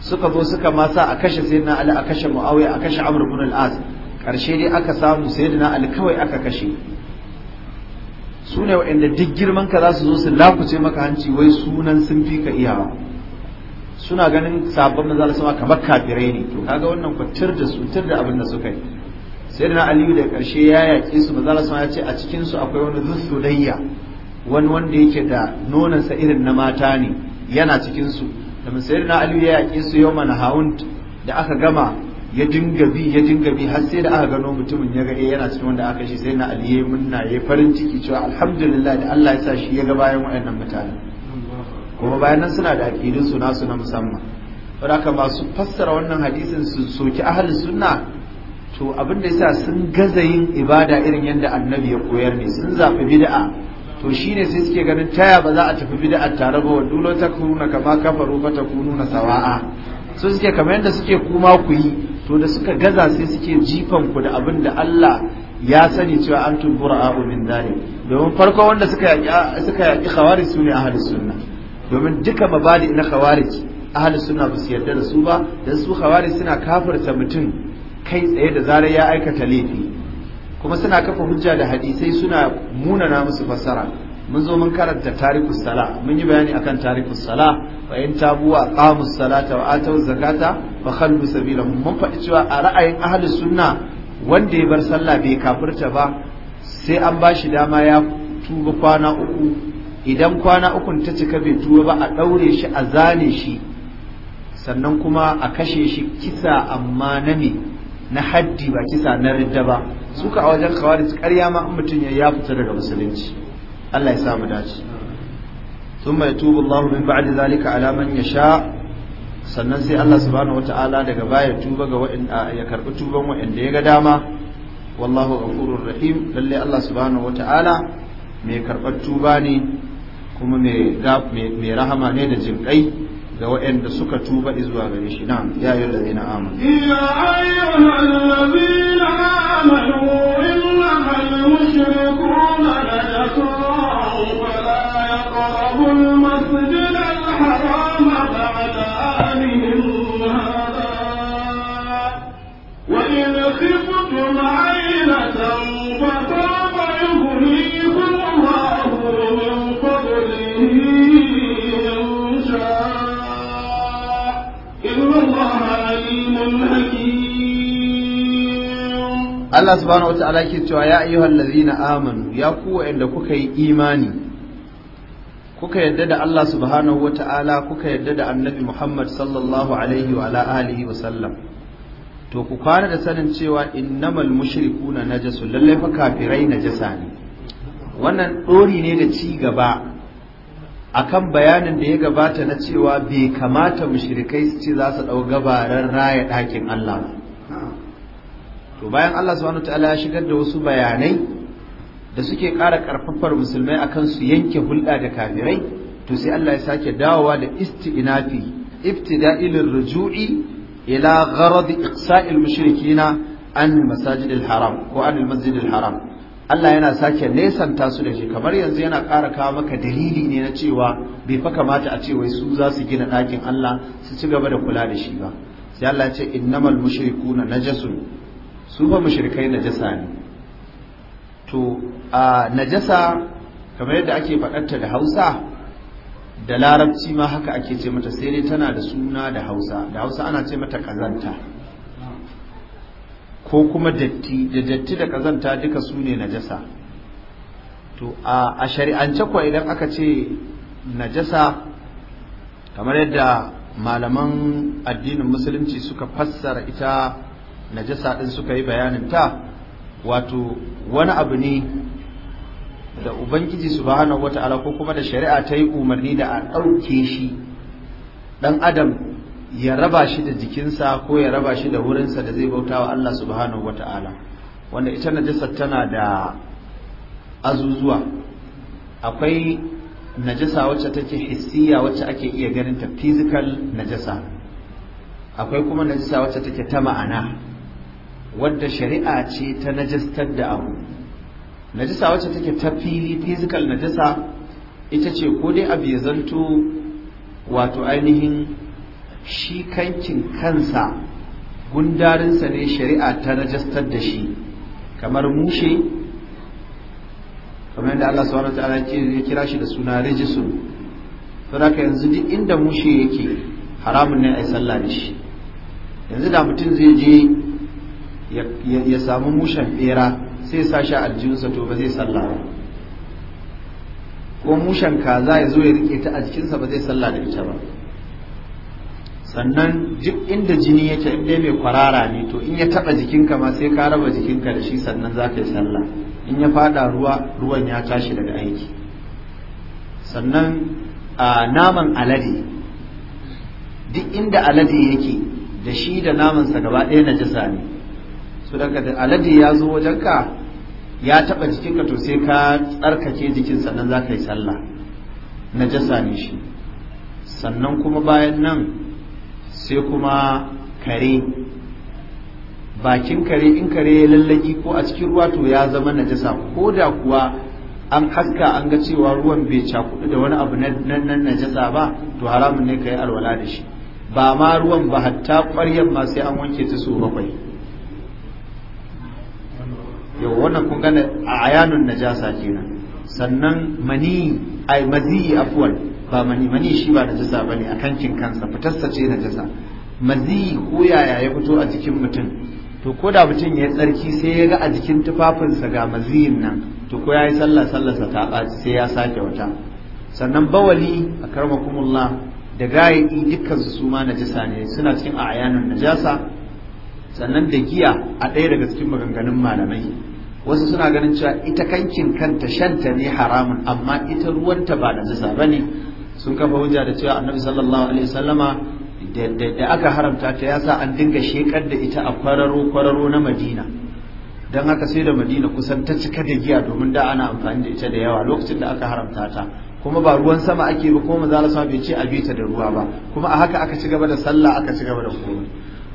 suka zo suka masa a kashe sayyidina ali a kashe muawiya a kashe amr ibn al-as karshe dai aka samu sayyidina ali kawai aka kashe su ne waɗanda duk girman ka za su zo su lakuce maka hanci wai sunan sun fi ka iyawa suna ganin sabon manzo sama kamar kafirai ne to kaga wannan kwatar da su da abin da suka yi sai da aliyu da karshe ya yaƙi su manzo sama ya ce a cikinsu akwai wani zusudayya wani wanda yake da nonansa irin na mata ne yana cikin su da sai da aliyu ya yaƙi su yau mana haund da aka gama ya dinga bi ya dinga bi har sai da aka gano mutumin ya ga eh yana cikin wanda aka shi sai na aliyu munna ya farin ciki cewa alhamdulillah da Allah ya sa shi ya ga bayan waɗannan mutane kuma bayan nan suna da aƙidun su nasu na musamman wadaka masu fassara wannan hadisin su soki ahli sunna to abin da yasa sun gaza yin ibada irin yadda annabi ya koyar ne sun zafi bid'a to shine sai suke ganin taya ba za a tafi bid'a tare ba wadulo ta kuna kama kafaru fa takununa sawa'a so suke kamar yadda suke kuma ku yi to da suka gaza sai suke jifan ku da abin da Allah ya sani cewa an tubura min dalik domin farko wanda suka yaki suka yaki khawari sune ahlus sunna domin duka mabadi na khawarij ahli sunna ba su yarda da su ba dan su khawarij suna kafirta mutum kai tsaye da zarar ya aikata laifi kuma suna kafa hujja da hadisai suna muna na musu fasara mun zo mun karanta tarikus sala mun yi bayani akan tarikus sala wa in tabu wa qamus salata wa atau zakata fa khallu sabilahum mun faɗi cewa a ra'ayin ahli sunna wanda ya bar sallah bai kafirta ba sai an bashi dama ya tuba kwana uku idan kwana ukun ta cika bai tuba ba a ɗaure shi a zane shi sannan kuma a kashe shi kisa amma na me na haddi ba kisa na ridda ba suka a wajen kawar su karya ma mutum ya ya fita daga musulunci Allah ya samu dace dace ثم يتوب Allah min ba'di zalika ala man yasha sannan sai Allah subhanahu wata'ala daga baya tuba ga ya karbi tuban wa'inda ya ga dama wallahu ghafurur rahim lalle Allah subhanahu wata'ala mai karbar tuba ne kuma mai rahama ne da kai ga waɗanda suka tuba zuwa gare shi na ya ayyuhallazina amanu ya ayyuhallazina Allah subhanahu ta'ala ke cewa ya ayyuhal ladhina amanu ya ku wa'anda kuka yi imani kuka yadda da Allah subhanahu ta'ala kuka yadda da Annabi Muhammad sallallahu alaihi wa ala alihi wa sallam to ku kwana da sanin cewa innamal mushrikuna najasu lallai fa kafirai najasa ne wannan dori ne da ci gaba akan bayanin da ya gabata na cewa bai kamata mushrikai su ce za su dau gabaran raya ɗakin Allah ba to bayan Allah subhanahu ya shigar da wasu bayanai da suke ƙara ƙarfafar musulmai akan su yanke hulɗa da kafirai to sai Allah ya sake dawowa da isti'nafi ibtida'il ruju'i ila gharad iqsa'il mushrikina an masajid haram ko an masjid haram Allah yana sake nesanta su da shi kamar yanzu yana ƙara kawo maka dalili ne na cewa bai fa kamata a ce wai su za su gina ɗakin Allah su ci gaba da kula da shi ba sai Allah ya ce innamal mushrikuna najasun su ba mushrikai najasa ne to a najasa kamar yadda ake faɗarta da hausa da larabci ma haka ake ce mata sai dai tana da suna da hausa da hausa ana ce mata ƙazanta ko kuma datti da datti da ƙazanta duka su ne najasa to a shari'ance kuwa idan aka ce najasa kamar yadda malaman addinin musulunci suka fassara ita najasa din suka yi bayanin ta wato wani abu ne da ubangiji subhanahu wata'ala ko kuma da shari'a ta yi umarni da a ɗauke shi ɗan adam ya raba shi da jikinsa ko ya raba shi da wurinsa da zai bauta wa Allah subhanahu wata'ala wanda ita najasa tana da azuzuwa akwai najasa wacce take hissiya wacce ake iya ganin ta physical najasa akwai kuma najasa wacce take ta ma'ana wadda shari'a ce ta najastar da abu najasa wacce take ta fili physical najasa ita ce ko dai abu ya zanto wato ainihin shi kankin kansa gundarinsa ne shari'a ta najastar da shi kamar mushe kamar yadda Allah subhanahu ta'ala ya kira shi da suna rijisun to haka yanzu duk inda mushe yake haramun ne a yi sallah da shi yanzu da mutum zai je ya samu mushen bera sai ya sashi jinsa to ba zai sallah ko mushen kaza ya zo ya rike ta a jikinsa ba zai sallah da ita ba sannan duk inda jini yake in mai kwarara ne to in ya taba jikinka ma sai ka raba jikinka da shi sannan za ka yi sallah in ya fada ruwa ruwan ya tashi daga aiki sannan a naman alade duk inda alade yake da shi da namansa gaba ɗaya na jisa ne daga da alade ya zo wajenka ya taba jikinka to sai ka tsarkake jikin sannan za ka yi sallah na jasa ne shi sannan kuma bayan nan sai kuma kare bakin kare in kare ya lallaki ko a cikin ruwa to ya zama na jasa ko da kuwa an haska an ga cewa ruwan bai cakudu da wani abu na najasa ba to haramun ne ka yi alwala da shi ba ma ruwan ba hatta ƙwaryar ma sai an wanke ta so bakwai yau wannan kun gane a ayanun najasa kenan sannan mani ai mazi afwan ba mani mani shi ba najasa bane a kankin kansa fitarsa ce najasa mazi ko yaya ya fito a jikin mutum to ko da mutum ya yi tsarki sai ya ga a jikin tufafinsa ga maziyin nan to ko ya yi sallah sa ta ɓaci sai ya sake wata sannan bawali a karmakumullah da gayayi dukkan su su ma najasa ne suna cikin ayanun najasa sannan da giya a ɗaya daga cikin maganganun malamai wasu suna ganin cewa ita kankin kanta shanta ne haramun amma ita ruwanta ba najasa ne sun kafa hujja da cewa annabi sallallahu alaihi wasallama da aka haramta ta yasa an dinga shekar da ita a kwararo kwararo na madina don haka sai da madina kusan ta cika da giya domin da ana amfani da ita da yawa lokacin da aka haramta ta kuma ba ruwan sama ake ba kuma manzo Allah bai ce a bita da ruwa ba kuma a haka aka ci gaba da sallah aka ci gaba da komai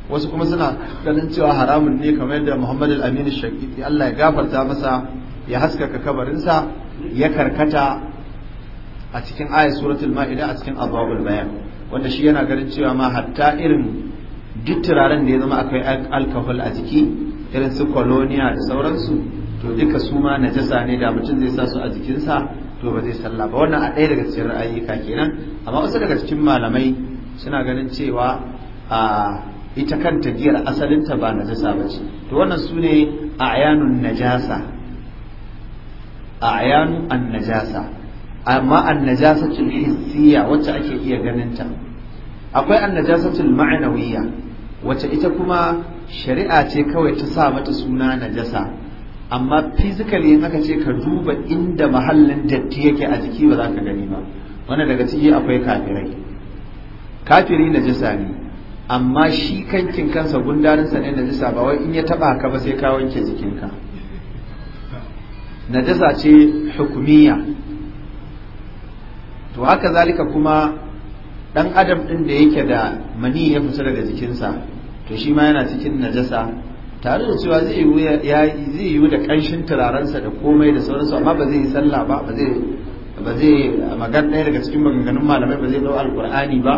wasu kuma suna ganin cewa haramun ne kamar yadda Muhammad al-Amin Shaqiti Allah ya gafarta masa ya haskaka kabarinsa ya karkata a cikin ayat suratul ma'ida a cikin adwabul bayan wanda shi yana ganin cewa ma hatta irin duk turaren da ya zama akwai alkahol a jiki irin su koloniya da sauransu to duka su ma najasa ne da mutum zai sa su a jikinsa to ba zai salla ba wannan a ɗaya daga cikin ra'ayyuka kenan amma wasu daga cikin malamai suna ganin cewa a ah, ita kanta giyar asalinta ba najasa ba ce to wannan su ne ayanun najasa ayanu an najasa amma an najasatul hissiya wacce ake iya ganin ta akwai an najasatul ma'anawiyya wacce ita kuma shari'a ce kawai ta sa mata suna najasa amma physically in aka ce ka duba inda mahallin datti yake a jiki ba za ka gani ba wannan daga ciki akwai kafirai kafiri najasa ne amma shi kankin kansa gundarinsa ne najasa ba wai in ya taba ka ba sai ka wanke jikinka najasa ce hukumiya to haka zalika kuma dan adam din da yake da mani ya fita daga jikinsa to shi ma yana cikin najasa tare da cewa zai yi da turaren turarensa da komai da sauransu amma ba zai yi sallah ba ba zai ba zai magana ɗaya daga cikin maganganun malamai ba zai dau alqur'ani ba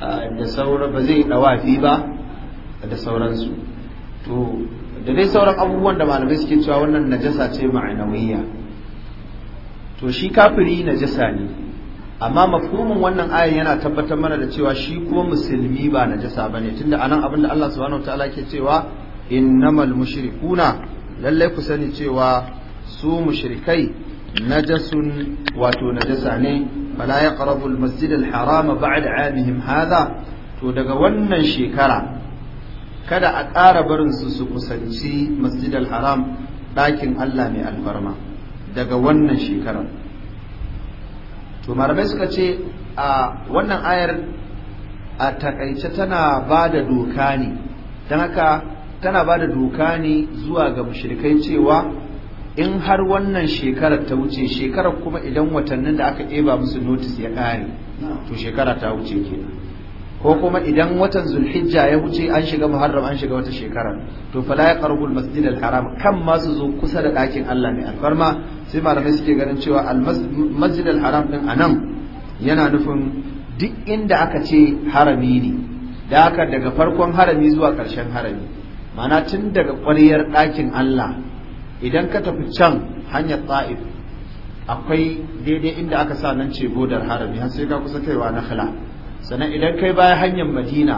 Ah, da sauran ba zai dawafi ba da sauransu to da dai sauran abubuwan da malamai suke cewa wannan najasa ce ma'anawiyya to shi kafiri najasa ne amma mafhumin wannan ayan yana tabbatar mana da cewa shi kuma musulmi ba najasa bane tunda anan abin da Allah subhanahu wataala ke cewa innamal mushrikuna lallai ku sani cewa su mushrikai najasun wato najasa ne فلا يقرب المسجد الحرام بعد عامهم هذا 'amihim hadha to daga wannan shekara kada a ƙara barin su su kusanci masjid al-haram ɗakin Allah mai albarma. daga wannan shekarar to malamai suka ce a wannan ayar a takaice tana bada doka ne don haka tana ba da doka ne zuwa ga mushrikai cewa in har wannan shekarar ta wuce shekarar kuma idan watannin da aka ɗeba musu notis ya ƙare to shekara ta wuce kenan ko kuma idan watan zulhijja ya wuce an shiga muharram an shiga wata shekara to fala ya qarbul masjid al haram kan ma su zo kusa da ɗakin Allah ne alfarma sai malamai suke ganin cewa al masjid al haram din anan yana nufin duk inda aka ce harami ne da haka daga farkon harami zuwa ƙarshen harami ma'ana tun daga ƙwaryar ɗakin Allah idan ka tafi can hanyar ta'if akwai daidai inda aka sa nan ce godar harami har sai ka kusa kaiwa na khala sannan idan kai baya hanyar madina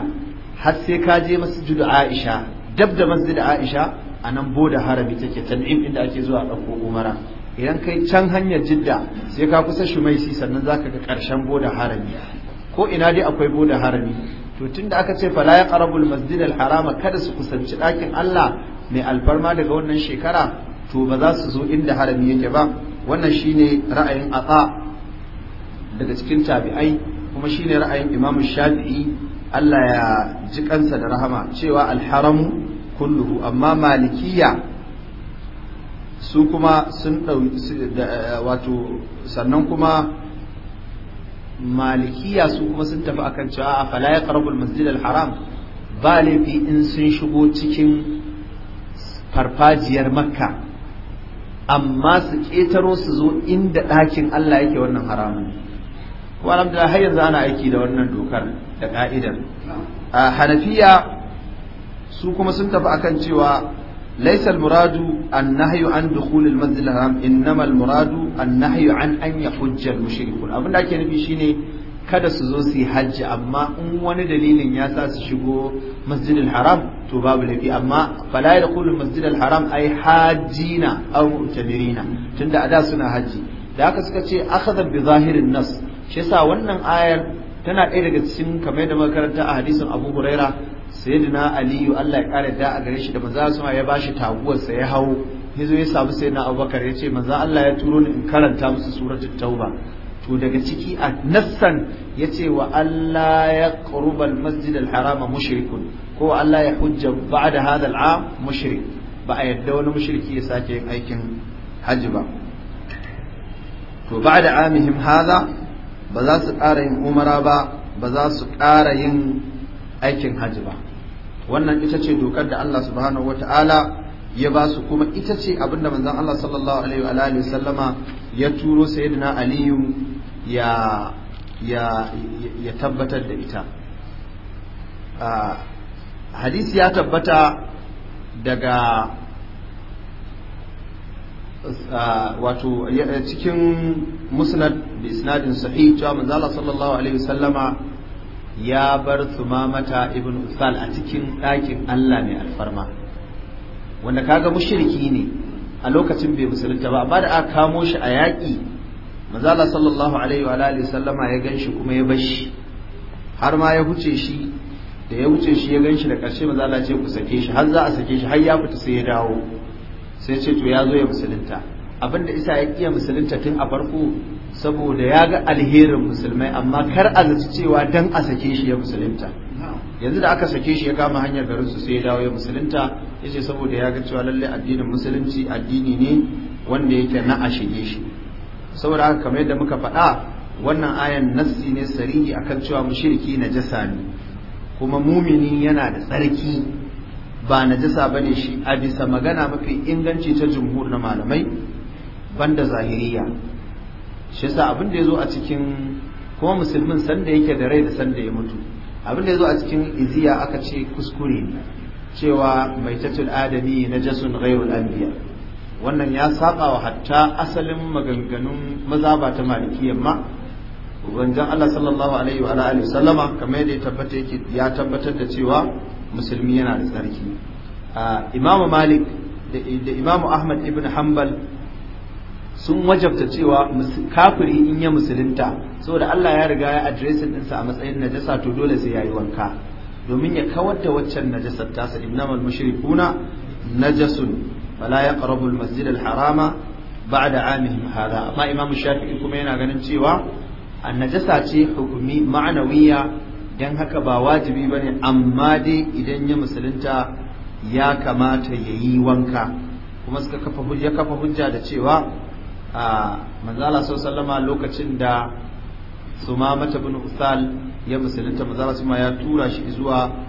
har sai ka je masjidu aisha dab da masjidu aisha a nan boda harami take tan'im inda ake zuwa ɗauko umara idan kai can hanyar jidda sai ka kusa shumaisi sannan zaka ga ƙarshen boda harami ko ina dai akwai boda harami to tunda aka ce fala ya qarabul masjid harama kada su kusanci ɗakin Allah mai alfarma daga wannan shekara to ba za su zo inda harami yake ba wannan shine ra'ayin atsa daga cikin tabi'ai kuma shine ra'ayin imam shafi'i Allah ya ji kansa da rahama cewa alharamu kulluhu amma malikiya su kuma sun wato sannan kuma malikiya su kuma sun tafi akan cewa a fala ya karabul masjid haram ba laifi in sun shigo cikin farfajiyar makka amma su ƙetaro su zo inda ɗakin Allah yake wannan haramun ko da har yanzu ana aiki da wannan dokar da ƙa'idar. a hanafiya su kuma sun tafi akan cewa laisa muradu annahyu an dukhul al-masjid al-haram innama al-muradu annahyu an an yahujja al-mushrikun abin ake nufi shine kada su zo su yi hajji amma in wani dalilin ya sa su shigo masjidil haram to babu laifi amma fala ya kullu masjidil haram ai hajjina aw mu'tamirina tunda ada suna hajji da haka suka ce akhadha bi zahirin nas shi yasa wannan ayar tana ɗaya daga cikin kamar da makaranta a hadisin Abu Huraira sayyidina Ali Allah ya kare da a gare shi da maza suna ya bashi taguwarsa ya hawo yazo ya samu sayyidina Abubakar ya ce manzo Allah ya turo ni in karanta musu suratul tauba to daga ciki a nassan ya ce wa Allah ya ƙarubar masjidar harama mushrikun ko Allah ya hujja ba da hadal a mushrik ba a yadda wani mushriki ya sake yin aikin hajji ba to ba da amihim haza ba za su ƙara yin umara ba ba za su ƙara yin aikin hajji ba wannan ita ce dokar da Allah subhanahu Ta'ala ya ba su kuma ita ce abinda manzon Allah sallallahu alaihi wa alihi sallama ya turo sayyidina aliyu ya ya ya tabbatar da ita hadisi ya tabbata daga wato cikin musnad bi isnadin sahih cewa manzo sallallahu alaihi wasallama ya bar sumamata ibn usal a cikin ɗakin Allah mai alfarma wanda kaga mushriki ne a lokacin bai musulunta ba amma da aka kamo shi a yaƙi manzala sallallahu alaihi wa alihi sallama ya ganshi kuma ya bashi har ma ya huce shi da ya huce shi ya ganshi da karshe manzala ce ku sake shi har za a sake shi har ya fita sai ya dawo sai ce to ya zo ya musulunta abinda isa ya iya musulunta tun a farko saboda ya ga alherin musulmai amma kar a zaci cewa dan a sake shi ya musulunta yanzu da aka sake shi ya kama hanyar garin su sai ya dawo ya musulunta yace saboda ya ga cewa lallai addinin musulunci addini ne wanda yake na a shige shi saboda haka kamar yadda muka faɗa wannan ayan nassi ne sarihi akan cewa mushriki najasa ne kuma mumini yana da tsarki ba najasa bane shi a bisa magana mafi inganci ta jumhur na malamai banda zahiriya shi yasa abin da yazo a cikin kuma musulmin sanda yake da rai da sanda ya mutu abin da yazo a cikin iziya aka ce kuskure cewa maitatul adami najasun ghairul anbiya wannan ya saba wa hatta asalin maganganun maza ba ta malikiyar ma ubanjan Allah sallallahu alaihi wa alihi sallama kamar yadda ya tabbata yake ya tabbatar da cewa musulmi yana da tsarki imamu malik da imamu ahmad ibn hanbal sun wajabta cewa kafiri in ya musulunta saboda Allah ya riga ya adresin ɗinsa a matsayin najasa to dole sai ya yi wanka domin ya kawar da waccan najasar tasa innamal mushrikuna najasun فلا يقرب المسجد الحرام بعد harama هذا amihim hada amma imam shafi'i kuma yana ganin cewa annajasa ce hukumi ma'anawiya dan haka ba wajibi ne amma dai idan ya musulunta ya kamata yayi wanka kuma suka kafa hujja kafa hujja da cewa a manzala sallama lokacin da mata bin usal ya musulunta manzala suma ya tura shi zuwa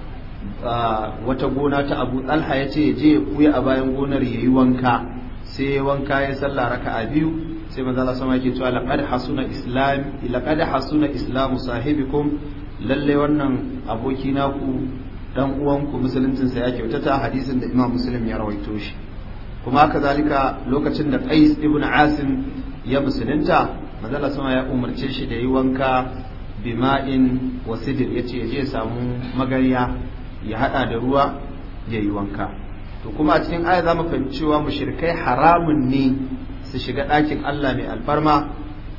wata gona ta abu talha ya ce je ya kuya a bayan gonar ya yi wanka sai wanka ya sallah raka a biyu sai maza Allah sama yake cewa laqad hasuna islam hasuna islamu sahibikum lalle wannan aboki naku dan uwanku musuluncin sa ya kyautata hadisin da Imam Muslim ya rawaito shi kuma kazalika lokacin da Qais ibn Asim ya musulunta maza Allah sama ya umarce shi da yi wanka bima'in wasidir yace je ya samu magariya ya hada da ruwa ya yi wanka to kuma a cikin aya za mu fahimci cewa mushrikai haramun ne su shiga ɗakin Allah mai alfarma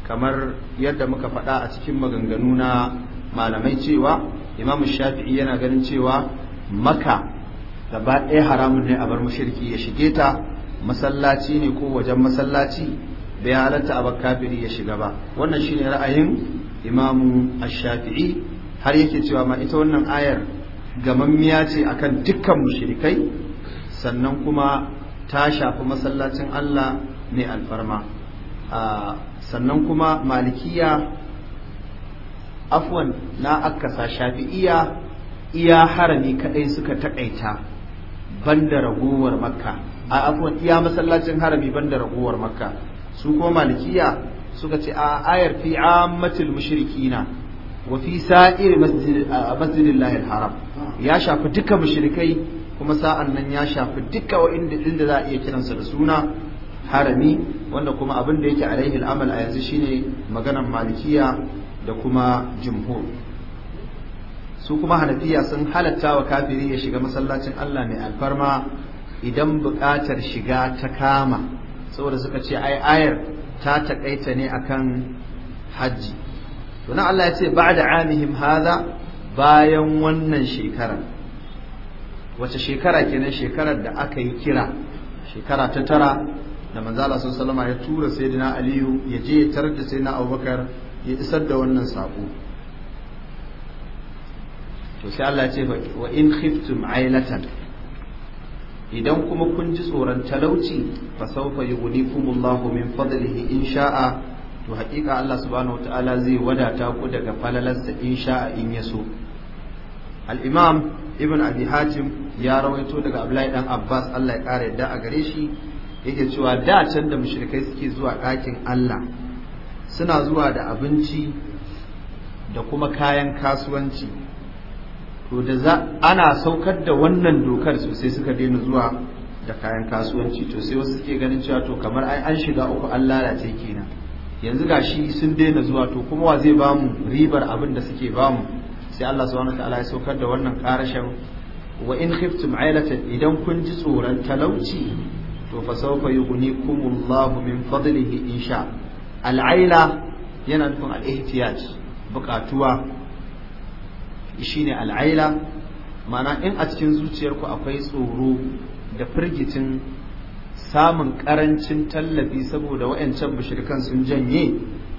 kamar yadda muka faɗa a cikin maganganu na malamai cewa imamu shafi'i yana ganin cewa maka gaba ɗaya haramun ne a bar mushriki ya shige ta masallaci ne ko wajen masallaci bai halatta a bakkafiri ya shiga ba wannan shine ra'ayin imamu ash-shafi'i har yake cewa ma ita wannan ayar gamammiya ce a kan dukkan mushrikai sannan kuma ta shafi masallacin Allah mai alfarma sannan kuma malikiya afwan na akasa shafi'iya iya harami kadai suka takaita banda ragowar makka a afwan iya masallacin harami banda ragowar makka su kuma malikiya suka ce a ayar fi ammatul mushrikina wa fi sa'ir masjidillahi al-haram ya shafi duka mushrikai kuma sa'an nan ya shafi duka wa'inda inda za a iya kiransa da suna harami wanda kuma abin da yake alaihi amal a yanzu shine maganar malikiya da kuma jumhur su kuma hanafiya sun halatta wa kafiri ya shiga masallacin Allah mai alfarma idan buƙatar shiga ta kama saboda suka ce ai ayar ta taƙaita ne akan hajji to nan Allah ya ce ba da amihim hada bayan wannan shekara wace shekara kenan shekarar da aka yi kira shekara ta tara da manzo Allah sallallahu ya tura sayyidina Aliyu ya je ya tarar da sayyidina Abubakar ya isar da wannan sako to sai Allah ya ce wa in khiftum ailatan idan kuma kun ji tsoron talauci fa sawfa yughnikumullahu min fadlihi in sha'a to haƙiƙa Allah subhanahu ta'ala zai wadata ku daga falalarsa in sha'a in ya so al-imam ibn abi hatim ya rawaito daga abdullahi dan abbas Allah ya ƙara yadda a gare shi yake cewa da can da mushrikai suke zuwa ɗakin Allah suna zuwa da abinci da kuma kayan kasuwanci to da za ana saukar da wannan dokar sosai suka daina zuwa da kayan kasuwanci to sai wasu suke ganin cewa to kamar ai an shiga uku an lalace kenan yanzu ga shi sun daina zuwa to kuma wa zai bamu ribar abin da suke bamu sai Allah subhanahu wataala ya saukar da wannan karashin wa in khiftum ailatan idan kun ji tsoron talauci to fa sawfa yughnikumullahu min fadlihi insha al'aila yana nufin al-ihtiyaj bukatuwa shine al'aila ma'ana in a cikin zuciyarku akwai tsoro da firgicin samun karancin tallafi saboda wayancan mushrikan sun janye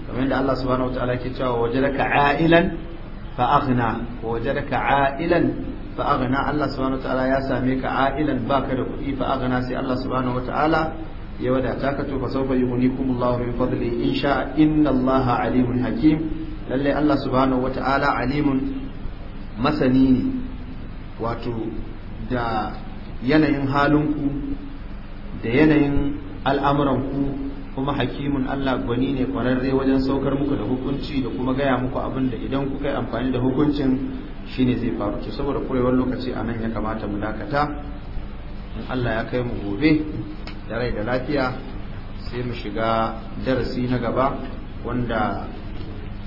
kamar yadda Allah subhanahu wataala ke cewa wajadaka ailan fa aghna wajadaka ailan fa aghna Allah subhanahu wataala ya same ka ailan baka da kuɗi fa aghna sai Allah subhanahu wataala ya wadata ka to fa sawfa yughnikumullahu min fadli in sha'a inna Allah alimun hakim lalle Allah subhanahu wataala alimun masani wato da yanayin halinku da yanayin al'amuran ku kuma hakimun Allah gwani ne kwararre wajen saukar muku da hukunci da kuma gaya muku abin da idan kuka yi amfani da hukuncin shine zai faru ce saboda kurewar lokaci a nan ya kamata mu dakata in Allah ya kai mu gobe da rai da lafiya sai mu shiga darasi na gaba wanda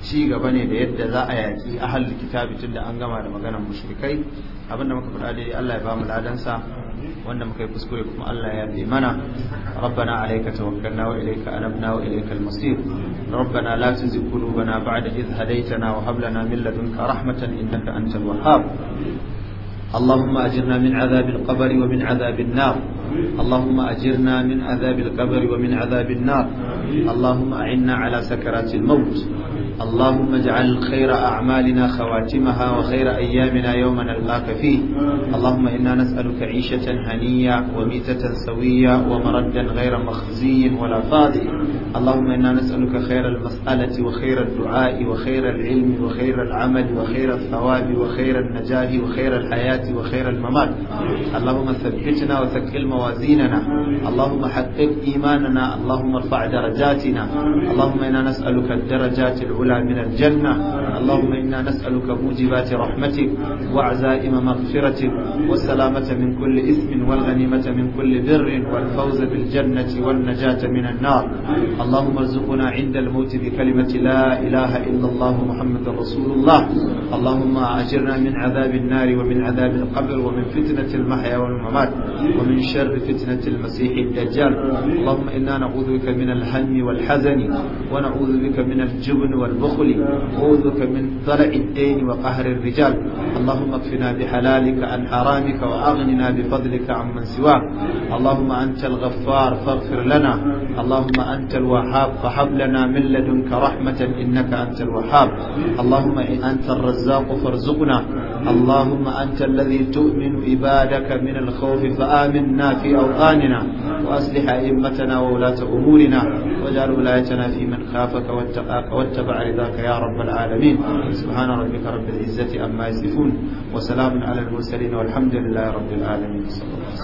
ci gaba ne da yadda za a yaƙi ahal kitabi tun da an gama da maganar mushrikai abinda muka faɗa dai Allah ya ba mu ladansa wanda muka yi kuskure kuma Allah ya bi mana rabbana alayka tawakkalna wa ilayka anabna wa ilayka masir rabbana la tuzigh qulubana ba'da idh hadaytana wa hab lana min ladunka rahmatan innaka antal wahhab اللهم min من عذاب القبر ومن عذاب النار اللهم أجرنا من عذاب القبر ومن عذاب النار اللهم أعنا على سكرات الموت اللهم اجعل خير أعمالنا خواتمها وخير أيامنا يوم نلقاك فيه اللهم إنا نسألك عيشة هنية وميتة سوية ومردا غير مخزي ولا فاضي اللهم إنا نسألك خير المسألة وخير الدعاء وخير العلم وخير العمل وخير الثواب وخير النجاة وخير الحياة وخير الممات اللهم ثبتنا وثقل مواقعنا موازيننا اللهم حقق إيماننا اللهم ارفع درجاتنا اللهم إنا نسألك الدرجات العلى من الجنة اللهم إنا نسألك موجبات رحمتك وعزائم مغفرتك والسلامة من كل إثم والغنيمة من كل بر والفوز بالجنة والنجاة من النار اللهم ارزقنا عند الموت بكلمة لا إله إلا الله محمد رسول الله اللهم أجرنا من عذاب النار ومن عذاب القبر ومن فتنة المحيا والممات ومن شر بفتنة فتنة المسيح الدجال اللهم إنا نعوذ بك من الهم والحزن ونعوذ بك من الجبن والبخل ونعوذ بك من ضلع الدين وقهر الرجال اللهم اكفنا بحلالك عن حرامك وأغننا بفضلك عن من سواك اللهم أنت الغفار فاغفر لنا اللهم أنت الوهاب فحب لنا من لدنك رحمة إنك أنت الوهاب اللهم أنت الرزاق فارزقنا اللهم أنت الذي تؤمن عبادك من الخوف فآمنا في في أوطاننا وأصلح أئمتنا وولاة أمورنا واجعل ولايتنا في من خافك واتقاك واتبع رضاك يا رب العالمين سبحان ربك رب العزة أما يصفون وسلام على المرسلين والحمد لله رب العالمين صلى الله عليه وسلم